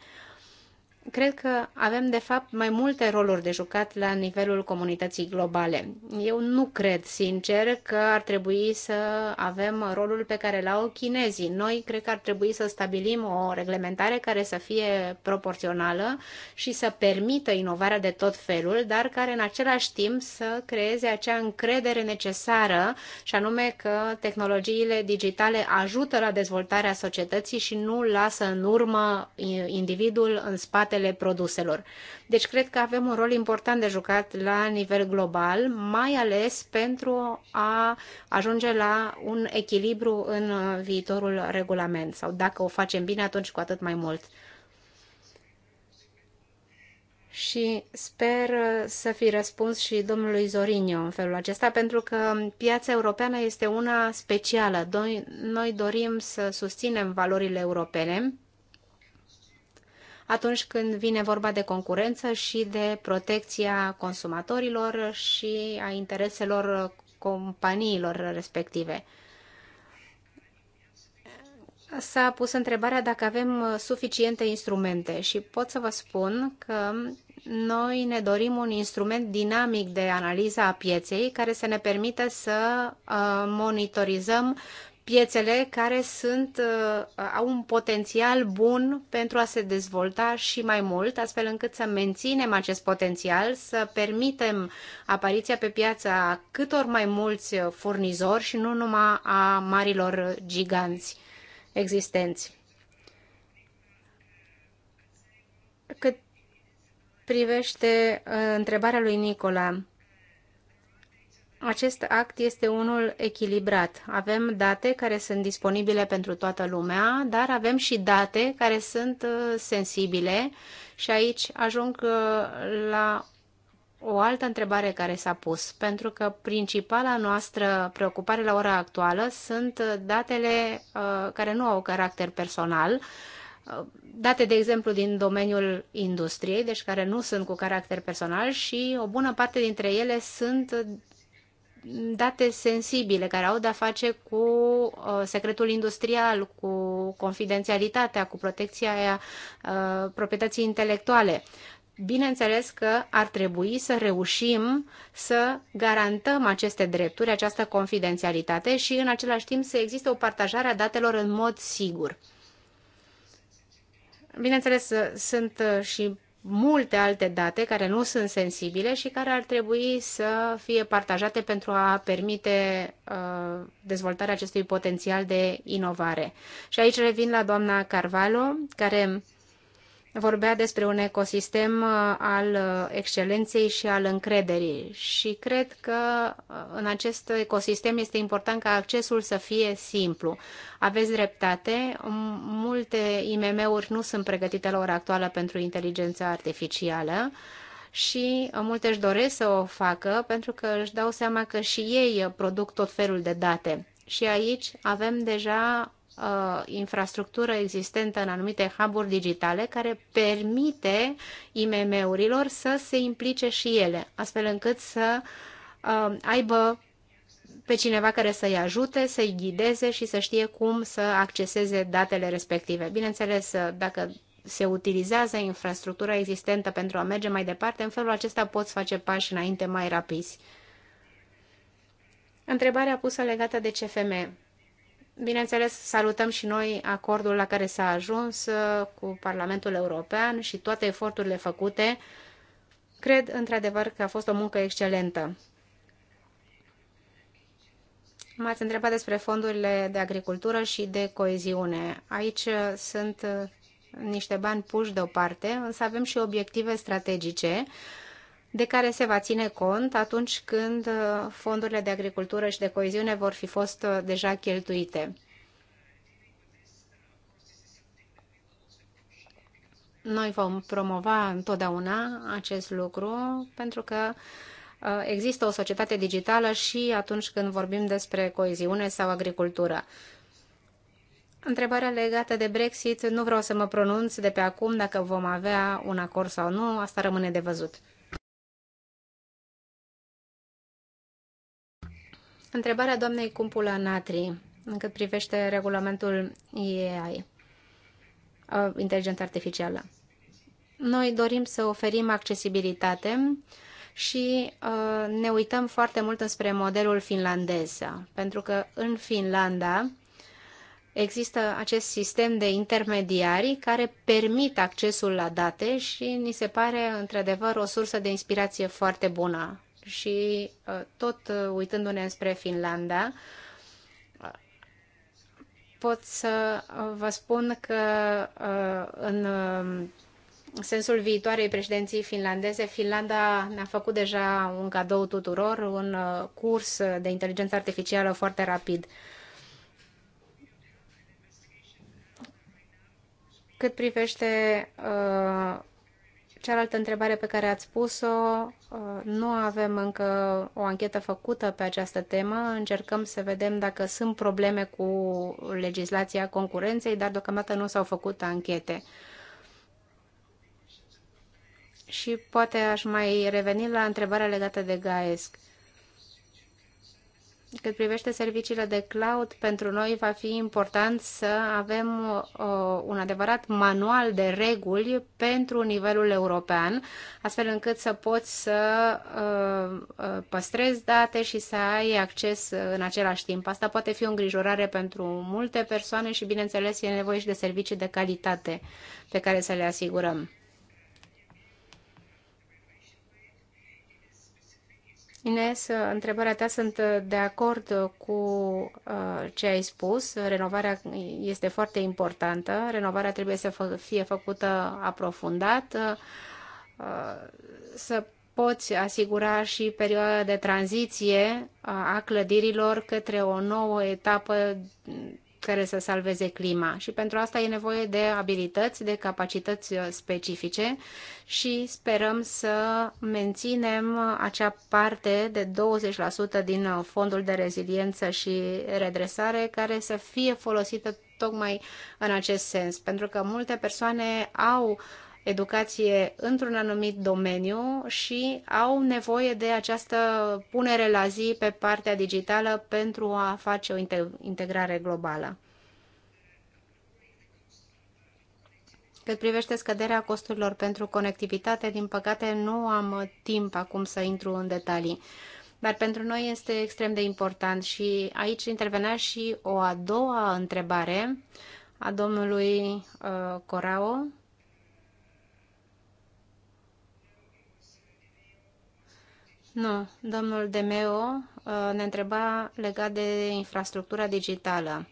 cred că avem, de fapt, mai multe roluri de jucat la nivelul comunității globale. Eu nu cred, sincer, că ar trebui să avem rolul pe care l-au chinezii. Noi cred că ar trebui să stabilim o reglementare care să fie proporțională și să permită inovarea de tot felul, dar care în același timp să creeze acea încredere necesară, și anume că tehnologiile digitale ajută la dezvoltarea societății și nu lasă în urmă individul în spate rezultatele produselor. Deci cred că avem un rol important de jucat la nivel global, mai ales pentru a ajunge la un echilibru în viitorul regulament sau dacă o facem bine, atunci cu atât mai mult și sper să fi răspuns și domnului Zorinio în felul acesta, pentru că piața europeană este una specială. Noi dorim să susținem valorile europene atunci când vine vorba de concurență și de protecția consumatorilor și a intereselor companiilor respective. S-a pus întrebarea dacă avem suficiente instrumente și pot să vă spun că noi ne dorim un instrument dinamic de analiză a pieței care să ne permită să uh, monitorizăm piețele care sunt, uh, au un potențial bun pentru a se dezvolta și mai mult, astfel încât să menținem acest potențial, să permitem apariția pe piață a câtor mai mulți furnizori și nu numai a marilor giganți existenți. Cât privește uh, întrebarea lui Nicola, acest act este unul echilibrat. Avem date care sunt disponibile pentru toată lumea, dar avem și date care sunt uh, sensibile și aici ajung uh, la o altă întrebare care s-a pus, pentru că principala noastră preocupare la ora actuală sunt uh, datele care nu au caracter personal, date, de exemplu, din domeniul industriei, deci care nu sunt cu caracter personal și o bună parte dintre ele sunt date sensibile care au de-a face cu uh, secretul industrial, cu confidențialitatea, cu protecția aia, uh, proprietății intelectuale. Bineînțeles că ar trebui să reușim să garantăm aceste drepturi, această confidențialitate și în același timp să existe o partajare a datelor în mod sigur. Bineînțeles, sunt și multe alte date care nu sunt sensibile și care ar trebui să fie partajate pentru a permite uh, dezvoltarea acestui potențial de inovare. Și aici revin la doamna Carvalho, care vorbea despre un ecosistem uh, al uh, excelenței și al încrederii și cred că uh, în acest ecosistem este important ca accesul să fie simplu. Aveți dreptate, multe IMM-uri nu sunt pregătite la ora actuală pentru inteligența artificială și multe își doresc să o facă pentru că își dau seama că și ei produc tot felul de date. Și aici avem deja Uh, infrastructură existentă în anumite hub digitale care permite IMM-urilor să se implice și ele, astfel încât să uh, aibă pe cineva care să-i ajute, să-i ghideze și să știe cum să acceseze datele respective. Bineînțeles, uh, dacă se utilizează infrastructura existentă pentru a merge mai departe, în felul acesta poți face pași înainte mai rapizi. Întrebarea pusă legată de CFM. Bineînțeles, salutăm și noi acordul la care s-a ajuns uh, cu Parlamentul European și toate eforturile făcute. Cred, într-adevăr, că a fost o muncă excelentă. M-ați întrebat despre fondurile de agricultură și de coeziune. Aici uh, sunt uh, niște bani puși deoparte, însă avem și obiective strategice de care se va ține cont atunci când uh, fondurile de agricultură și de coeziune vor fi fost uh, deja cheltuite. Noi vom promova întotdeauna acest lucru pentru că uh, există o societate digitală și atunci când vorbim despre coeziune sau agricultură. Întrebarea legată de Brexit, nu vreau să mă pronunț de pe acum dacă vom avea un acord sau nu, asta rămâne de văzut. Întrebarea doamnei Cumpula Natri, în cât privește regulamentul IEI, inteligența artificială. Noi dorim să oferim accesibilitate și ne uităm foarte mult înspre modelul finlandez, pentru că în Finlanda există acest sistem de intermediari care permit accesul la date și ni se pare într-adevăr o sursă de inspirație foarte bună și uh, tot uh, uitându-ne spre Finlanda, uh, pot să vă spun că în sensul viitoarei președinții finlandeze, Finlanda ne-a făcut deja un cadou tuturor, un curs de inteligență artificială foarte rapid. Cât privește uh, cealaltă întrebare pe care ați pus-o, uh, nu avem încă o anchetă făcută pe această temă. Încercăm să vedem dacă sunt probleme cu legislația concurenței, dar deocamdată nu s-au făcut anchete. Și poate aș mai reveni la întrebarea legată de GAESC. Cât privește serviciile de cloud, pentru noi va fi important să avem o, uh, un adevărat manual de reguli pentru nivelul european, astfel încât să poți să uh, uh, păstrezi date și să ai acces în același timp. Asta poate fi o îngrijorare pentru multe persoane și, bineînțeles, e nevoie și de servicii de calitate pe care să le asigurăm. Ines, întrebarea ta sunt uh, de acord uh, cu uh, ce ai spus. Renovarea este foarte importantă. Renovarea trebuie să fie făcută aprofundat, să poți asigura și perioada de tranziție a clădirilor către o nouă etapă care să salveze clima și pentru asta e nevoie de abilități, de capacități uh, specifice și sperăm să menținem acea parte de 20% din uh, fondul de reziliență și redresare care să fie folosită tocmai în acest sens, pentru că multe persoane au educație într-un anumit domeniu și au nevoie de această punere la zi pe partea digitală pentru a face o integrare globală. Cât privește scăderea costurilor pentru conectivitate, din păcate nu am timp acum să intru în detalii. Dar pentru noi este extrem de important și aici intervenea și o a doua întrebare a domnului uh, Corao Nu, domnul Demeo uh, ne întreba legat de infrastructura digitală.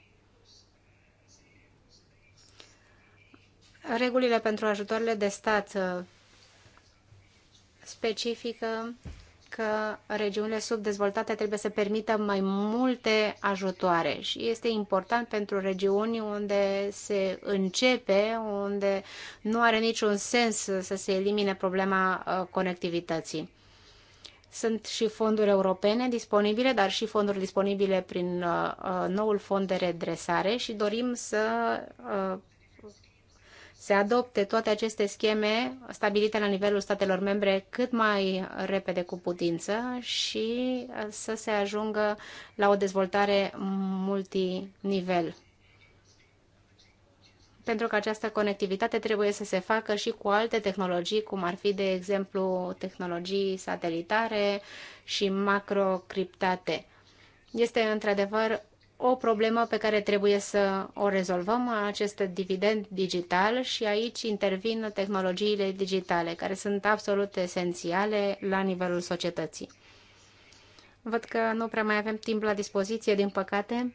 Regulile pentru ajutoarele de stat uh, specifică că regiunile subdezvoltate trebuie să permită mai multe ajutoare și este important pentru regiuni unde se începe, unde nu are niciun sens să se elimine problema uh, conectivității. Sunt și fonduri europene disponibile, dar și fonduri disponibile prin uh, uh, noul fond de redresare și dorim să uh, se adopte toate aceste scheme stabilite la nivelul statelor membre cât mai repede cu putință și uh, să se ajungă la o dezvoltare multinivel pentru că această conectivitate trebuie să se facă și cu alte tehnologii, cum ar fi, de exemplu, tehnologii satelitare și macrocriptate. Este într-adevăr o problemă pe care trebuie să o rezolvăm, acest dividend digital și aici intervin tehnologiile digitale, care sunt absolut esențiale la nivelul societății. Văd că nu prea mai avem timp la dispoziție, din păcate.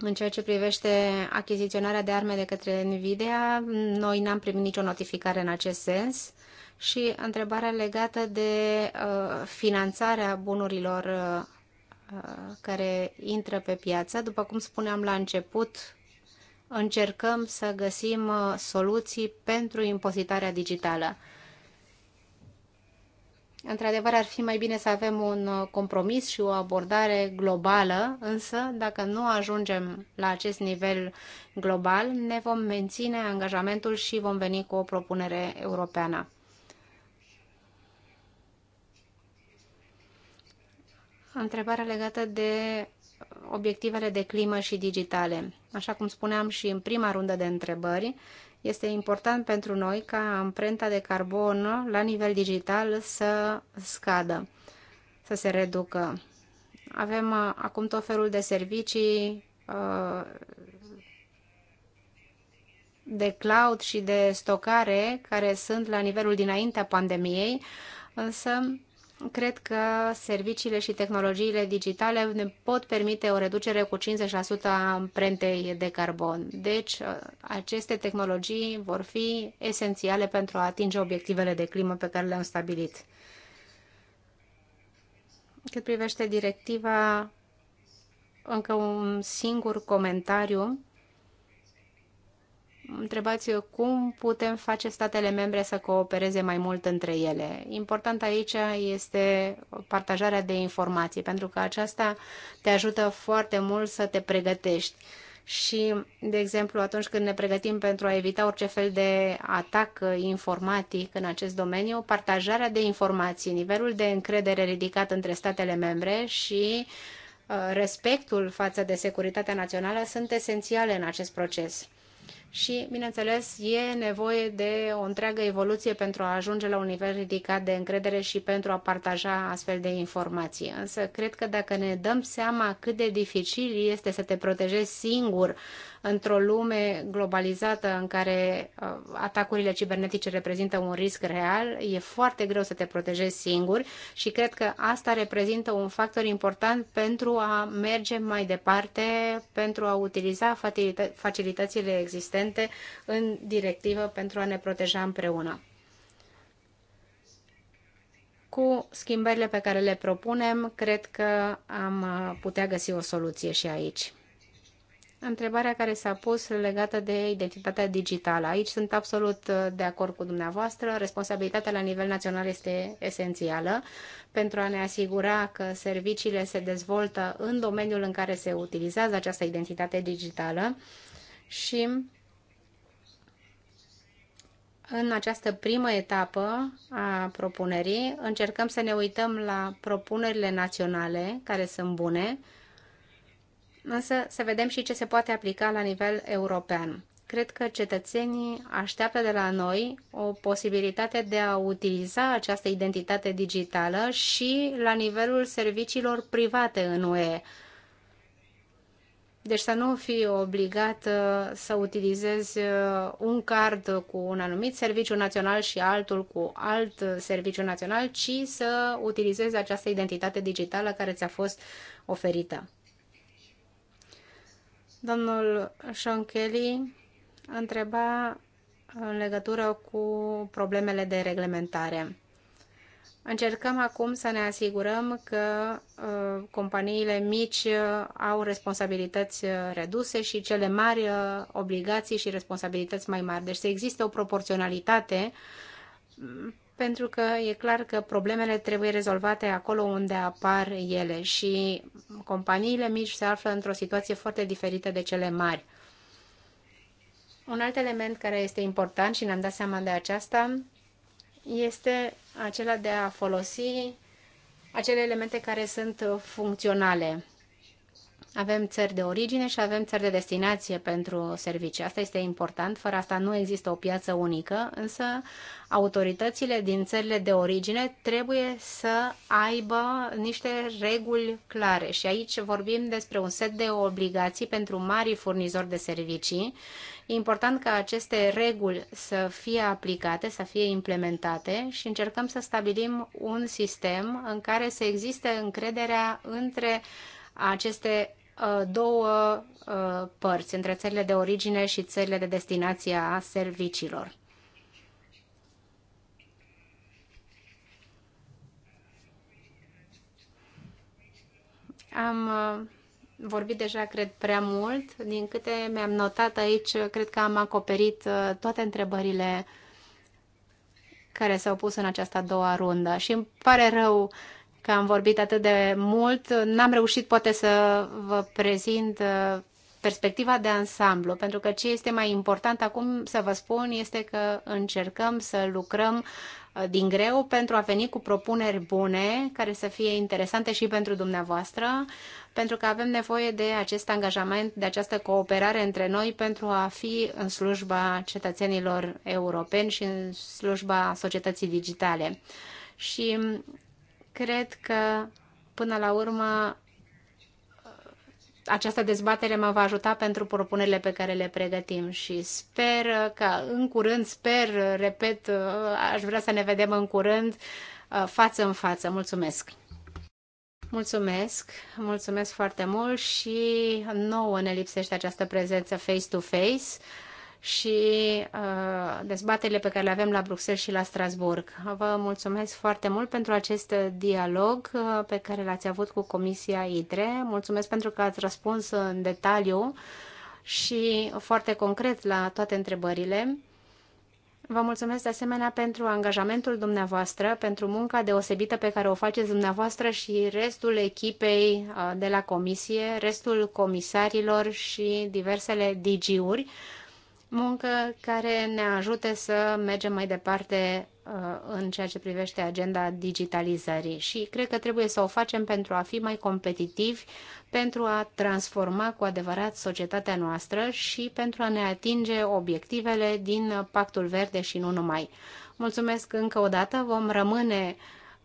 În ceea ce privește achiziționarea de arme de către NVIDIA, noi n-am primit nicio notificare în acest sens și întrebarea legată de uh, finanțarea bunurilor uh, uh care intră pe piață. După cum spuneam la început, încercăm să găsim uh, soluții pentru impozitarea digitală. Într-adevăr, ar fi mai bine să avem un uh, compromis și o abordare globală, însă dacă nu ajungem la acest nivel global, ne vom menține angajamentul și vom veni cu o propunere europeană. Întrebarea legată de obiectivele de climă și digitale. Așa cum spuneam și în prima rundă de întrebări, este important pentru noi ca amprenta de carbon la nivel digital să scadă, să se reducă. Avem uh, acum tot felul de servicii uh, de cloud și de stocare care sunt la nivelul dinaintea pandemiei, însă cred că serviciile și tehnologiile digitale ne pot permite o reducere cu 50% a amprentei de carbon. Deci, uh, aceste tehnologii vor fi esențiale pentru a atinge obiectivele de climă pe care le-am stabilit. Cât privește directiva, încă un singur comentariu întrebați cum putem face statele membre să coopereze mai mult între ele. Important aici este partajarea de informații, pentru că aceasta te ajută foarte mult să te pregătești. Și, de exemplu, atunci când ne pregătim pentru a evita orice fel de atac informatic în acest domeniu, partajarea de informații, nivelul de încredere ridicat între statele membre și uh, respectul față de securitatea națională sunt esențiale în acest proces și, bineînțeles, e nevoie de o întreagă evoluție pentru a ajunge la un nivel ridicat de încredere și pentru a partaja astfel de informații. Însă, cred că dacă ne dăm seama cât de dificil este să te protejezi singur într-o lume globalizată în care uh, atacurile cibernetice reprezintă un risc real, e foarte greu să te protejezi singur și cred că asta reprezintă un factor important pentru a merge mai departe, pentru a utiliza facilitățile existente în directivă pentru a ne proteja împreună cu schimbările pe care le propunem, cred că am uh, putea găsi o soluție și aici întrebarea care s-a pus legată de identitatea digitală. Aici sunt absolut uh, de acord cu dumneavoastră. Responsabilitatea la nivel național este esențială pentru a ne asigura că serviciile se dezvoltă în domeniul în care se utilizează această identitate digitală și în această primă etapă a propunerii încercăm să ne uităm la propunerile naționale care sunt bune, însă să vedem și ce se poate aplica la nivel european. Cred că cetățenii așteaptă de la noi o posibilitate de a utiliza această identitate digitală și la nivelul serviciilor private în UE. Deci să nu fii obligat uh, să utilizezi uh, un card cu un anumit serviciu național și altul cu alt uh, serviciu național, ci să utilizezi această identitate digitală care ți-a fost oferită. Domnul Sean Kelly întreba în legătură cu problemele de reglementare. Încercăm acum să ne asigurăm că uh, companiile mici uh, au responsabilități uh, reduse și cele mari uh, obligații și responsabilități mai mari. Deci să existe o proporționalitate mm, pentru că e clar că problemele trebuie rezolvate acolo unde apar ele și Companiile mici se află într-o situație foarte diferită de cele mari. Un alt element care este important și ne-am dat seama de aceasta este acela de a folosi acele elemente care sunt funcționale avem țări de origine și avem țări de destinație pentru servicii. Asta este important, fără asta nu există o piață unică, însă autoritățile din țările de origine trebuie să aibă niște reguli clare. Și aici vorbim despre un set de obligații pentru mari furnizori de servicii. E important ca aceste reguli să fie aplicate, să fie implementate și încercăm să stabilim un sistem în care să existe încrederea între aceste Uh, două uh, părți, între țările de origine și țările de destinație a serviciilor. Am uh, vorbit deja, cred, prea mult. Din câte mi-am notat aici, cred că am acoperit toate întrebările care s-au pus în această a doua rundă. Și îmi pare rău uh, că am vorbit atât de mult. N-am reușit poate să vă prezint uh, perspectiva de ansamblu, pentru că ce este mai important acum să vă spun este că încercăm să lucrăm uh, din greu pentru a veni cu propuneri bune, care să fie interesante și pentru dumneavoastră, pentru că avem nevoie de acest angajament, de această cooperare între noi pentru a fi în slujba cetățenilor europeni și în slujba societății digitale. Și Cred că, până la urmă, această dezbatere mă va ajuta pentru propunerile pe care le pregătim și sper că în curând, sper, repet, aș vrea să ne vedem în curând față în față. Mulțumesc! Mulțumesc, mulțumesc foarte mult și nouă ne lipsește această prezență face-to-face. -face și uh, dezbaterile pe care le avem la Bruxelles și la Strasburg. Vă mulțumesc foarte mult pentru acest dialog uh, pe care l-ați avut cu Comisia IDRE. Mulțumesc pentru că ați răspuns în detaliu și foarte concret la toate întrebările. Vă mulțumesc de asemenea pentru angajamentul dumneavoastră, pentru munca deosebită pe care o faceți dumneavoastră și restul echipei uh, de la comisie, restul comisarilor și diversele DG-uri muncă care ne ajute să mergem mai departe uh, în ceea ce privește agenda digitalizării și cred că trebuie să o facem pentru a fi mai competitivi, pentru a transforma cu adevărat societatea noastră și pentru a ne atinge obiectivele din Pactul Verde și nu numai. Mulțumesc încă o dată, vom rămâne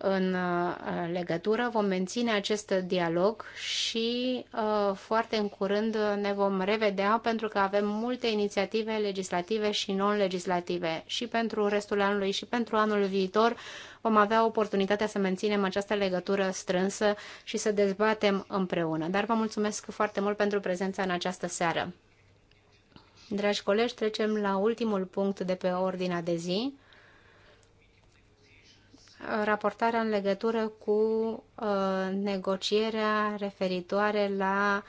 în uh, legătură, vom menține acest dialog și uh, foarte în curând ne vom revedea pentru că avem multe inițiative legislative și non-legislative și pentru restul anului și pentru anul viitor vom avea oportunitatea să menținem această legătură strânsă și să dezbatem împreună. Dar vă mulțumesc foarte mult pentru prezența în această seară. Dragi colegi, trecem la ultimul punct de pe ordinea de zi raportarea în legătură cu uh, negocierea referitoare la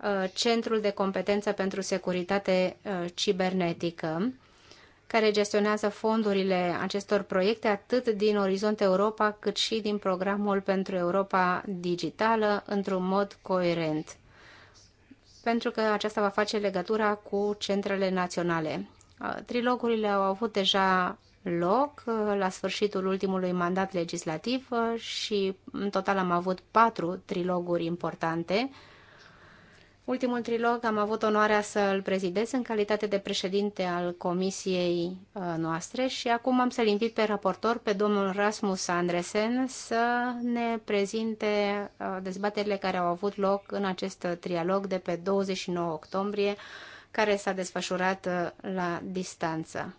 uh, Centrul de Competență pentru Securitate uh, Cibernetică, care gestionează fondurile acestor proiecte atât din Orizont Europa cât și din programul pentru Europa Digitală într-un mod coerent pentru că aceasta va face legătura cu centrele naționale. Trilogurile au avut deja loc uh, la sfârșitul ultimului mandat legislativ uh, și în total am avut patru triloguri importante. Ultimul trilog am avut onoarea să l prezidez în calitate de președinte al comisiei uh, noastre și acum am să-l invit pe raportor, pe domnul Rasmus Andresen, să ne prezinte dezbaterile care au avut loc în acest trialog de pe 29 octombrie, care s-a desfășurat la distanță.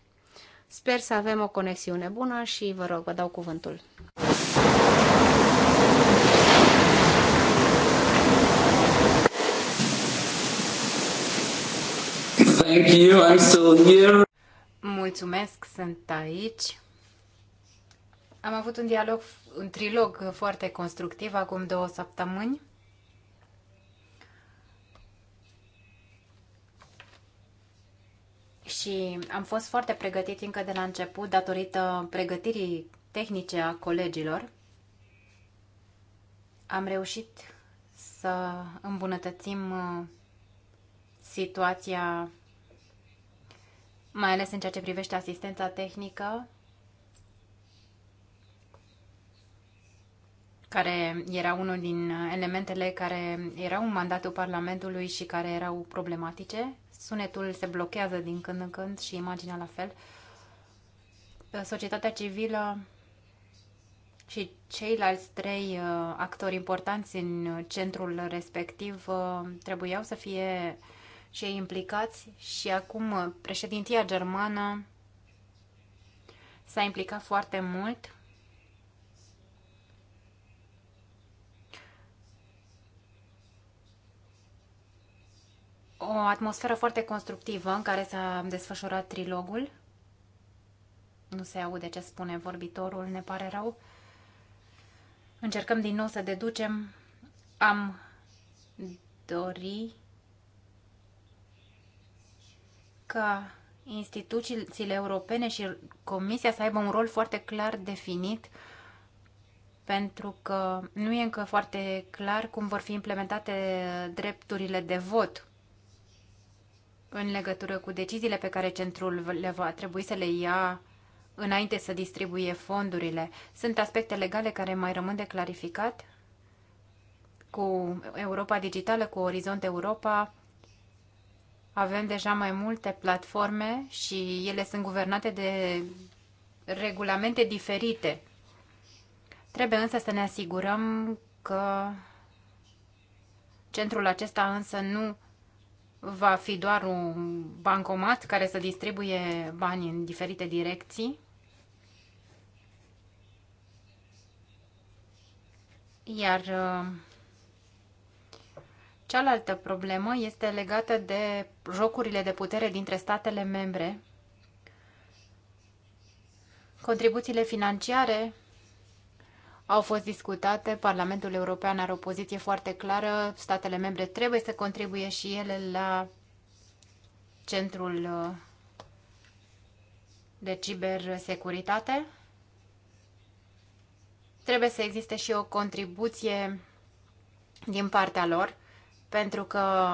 Sper să avem o conexiune bună și vă rog, vă dau cuvântul. Thank you, I'm still here. Mulțumesc, sunt aici. Am avut un dialog, un trilog foarte constructiv acum două săptămâni și am fost foarte pregătit încă de la început datorită pregătirii tehnice a colegilor. Am reușit să îmbunătățim uh, situația, mai ales în ceea ce privește asistența tehnică, care era unul din elementele care erau în mandatul Parlamentului și care erau problematice sunetul se blochează din când în când și imaginea la fel. Societatea civilă și ceilalți trei uh, actori importanți în centrul respectiv uh, trebuiau să fie și ei implicați și acum președintia germană s-a implicat foarte mult o atmosferă foarte constructivă în care s-a desfășurat trilogul. Nu se aude ce spune vorbitorul, ne pare rău. Încercăm din nou să deducem. Am dori ca instituțiile europene și Comisia să aibă un rol foarte clar definit pentru că nu e încă foarte clar cum vor fi implementate drepturile de vot în legătură cu deciziile pe care centrul le va trebui să le ia înainte să distribuie fondurile. Sunt aspecte legale care mai rămân de clarificat cu Europa Digitală, cu Orizont Europa. Avem deja mai multe platforme și ele sunt guvernate de regulamente diferite. Trebuie însă să ne asigurăm că centrul acesta însă nu va fi doar un bancomat care să distribuie bani în diferite direcții. Iar uh, cealaltă problemă este legată de jocurile de putere dintre statele membre. Contribuțiile financiare au fost discutate, Parlamentul European are o poziție foarte clară, statele membre trebuie să contribuie și ele la centrul uh, de cibersecuritate. Trebuie să existe și o contribuție din partea lor, pentru că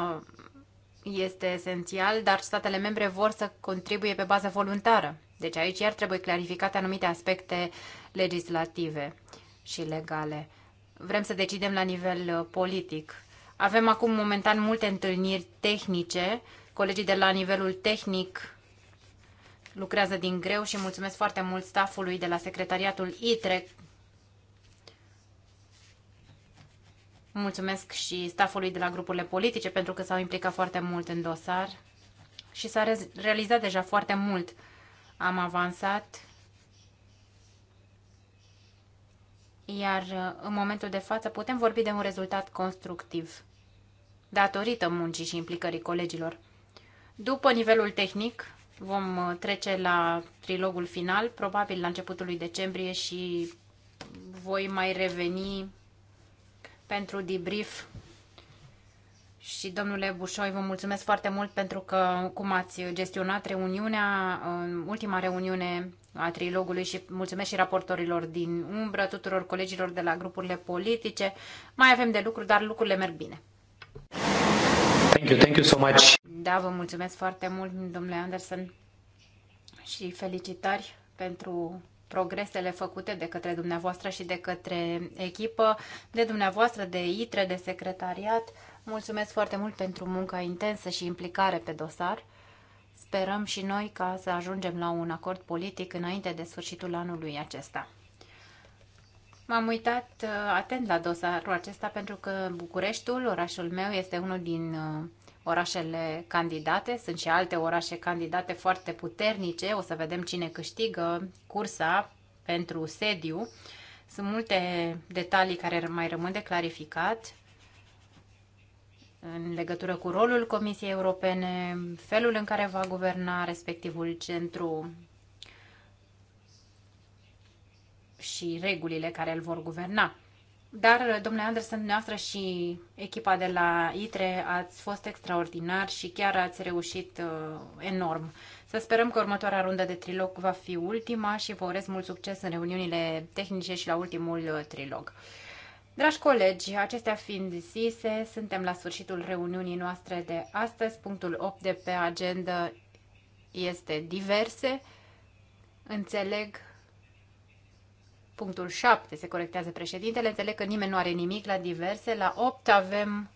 este esențial, dar statele membre vor să contribuie pe bază voluntară. Deci aici iar trebuie clarificate anumite aspecte legislative și legale. Vrem să decidem la nivel uh, politic. Avem acum momentan multe întâlniri tehnice. Colegii de la nivelul tehnic lucrează din greu și mulțumesc foarte mult stafului de la secretariatul ITREC. Mulțumesc și stafului de la grupurile politice pentru că s-au implicat foarte mult în dosar și s-a realizat deja foarte mult. Am avansat iar uh, în momentul de față putem vorbi de un rezultat constructiv, datorită muncii și implicării colegilor. După nivelul tehnic, vom uh, trece la trilogul final, probabil la începutul lui decembrie și voi mai reveni pentru debrief și domnule Bușoi, vă mulțumesc foarte mult pentru că cum ați gestionat reuniunea, ultima reuniune a trilogului și mulțumesc și raportorilor din umbră, tuturor colegilor de la grupurile politice. Mai avem de lucru, dar lucrurile merg bine. Thank you, thank you so much. Da, vă mulțumesc foarte mult, domnule Anderson, și felicitări pentru progresele făcute de către dumneavoastră și de către echipă, de dumneavoastră, de ITRE, de secretariat Mulțumesc foarte mult pentru munca intensă și implicare pe dosar. Sperăm și noi ca să ajungem la un acord politic înainte de sfârșitul anului acesta. M-am uitat uh, atent la dosarul acesta pentru că Bucureștiul, orașul meu, este unul din uh, orașele candidate. Sunt și alte orașe candidate foarte puternice. O să vedem cine câștigă cursa pentru sediu. Sunt multe detalii care mai rămân de clarificat în legătură cu rolul Comisiei Europene, felul în care va guverna respectivul centru și regulile care îl vor guverna. Dar, domnule Anderson, dumneavoastră și echipa de la ITRE ați fost extraordinar și chiar ați reușit uh, enorm. Să sperăm că următoarea rundă de trilog va fi ultima și vă urez mult succes în reuniunile tehnice și la ultimul uh, trilog. Dragi colegi, acestea fiind zise, suntem la sfârșitul reuniunii noastre de astăzi. Punctul 8 de pe agenda este diverse. Înțeleg punctul 7, se corectează președintele. Înțeleg că nimeni nu are nimic la diverse. La 8 avem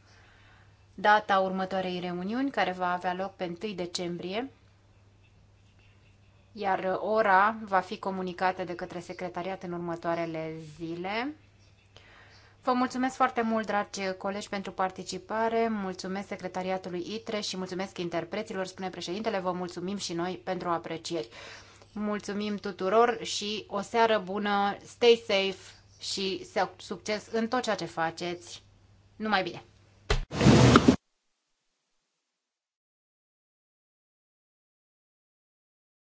data următoarei reuniuni, care va avea loc pe 1 decembrie, iar ora va fi comunicată de către secretariat în următoarele zile. Vă mulțumesc foarte mult, dragi colegi, pentru participare. Mulțumesc secretariatului ITRE și mulțumesc interpreților, spune președintele. Vă mulțumim și noi pentru aprecieri. Mulțumim tuturor și o seară bună, stay safe și succes în tot ceea ce faceți. Numai bine!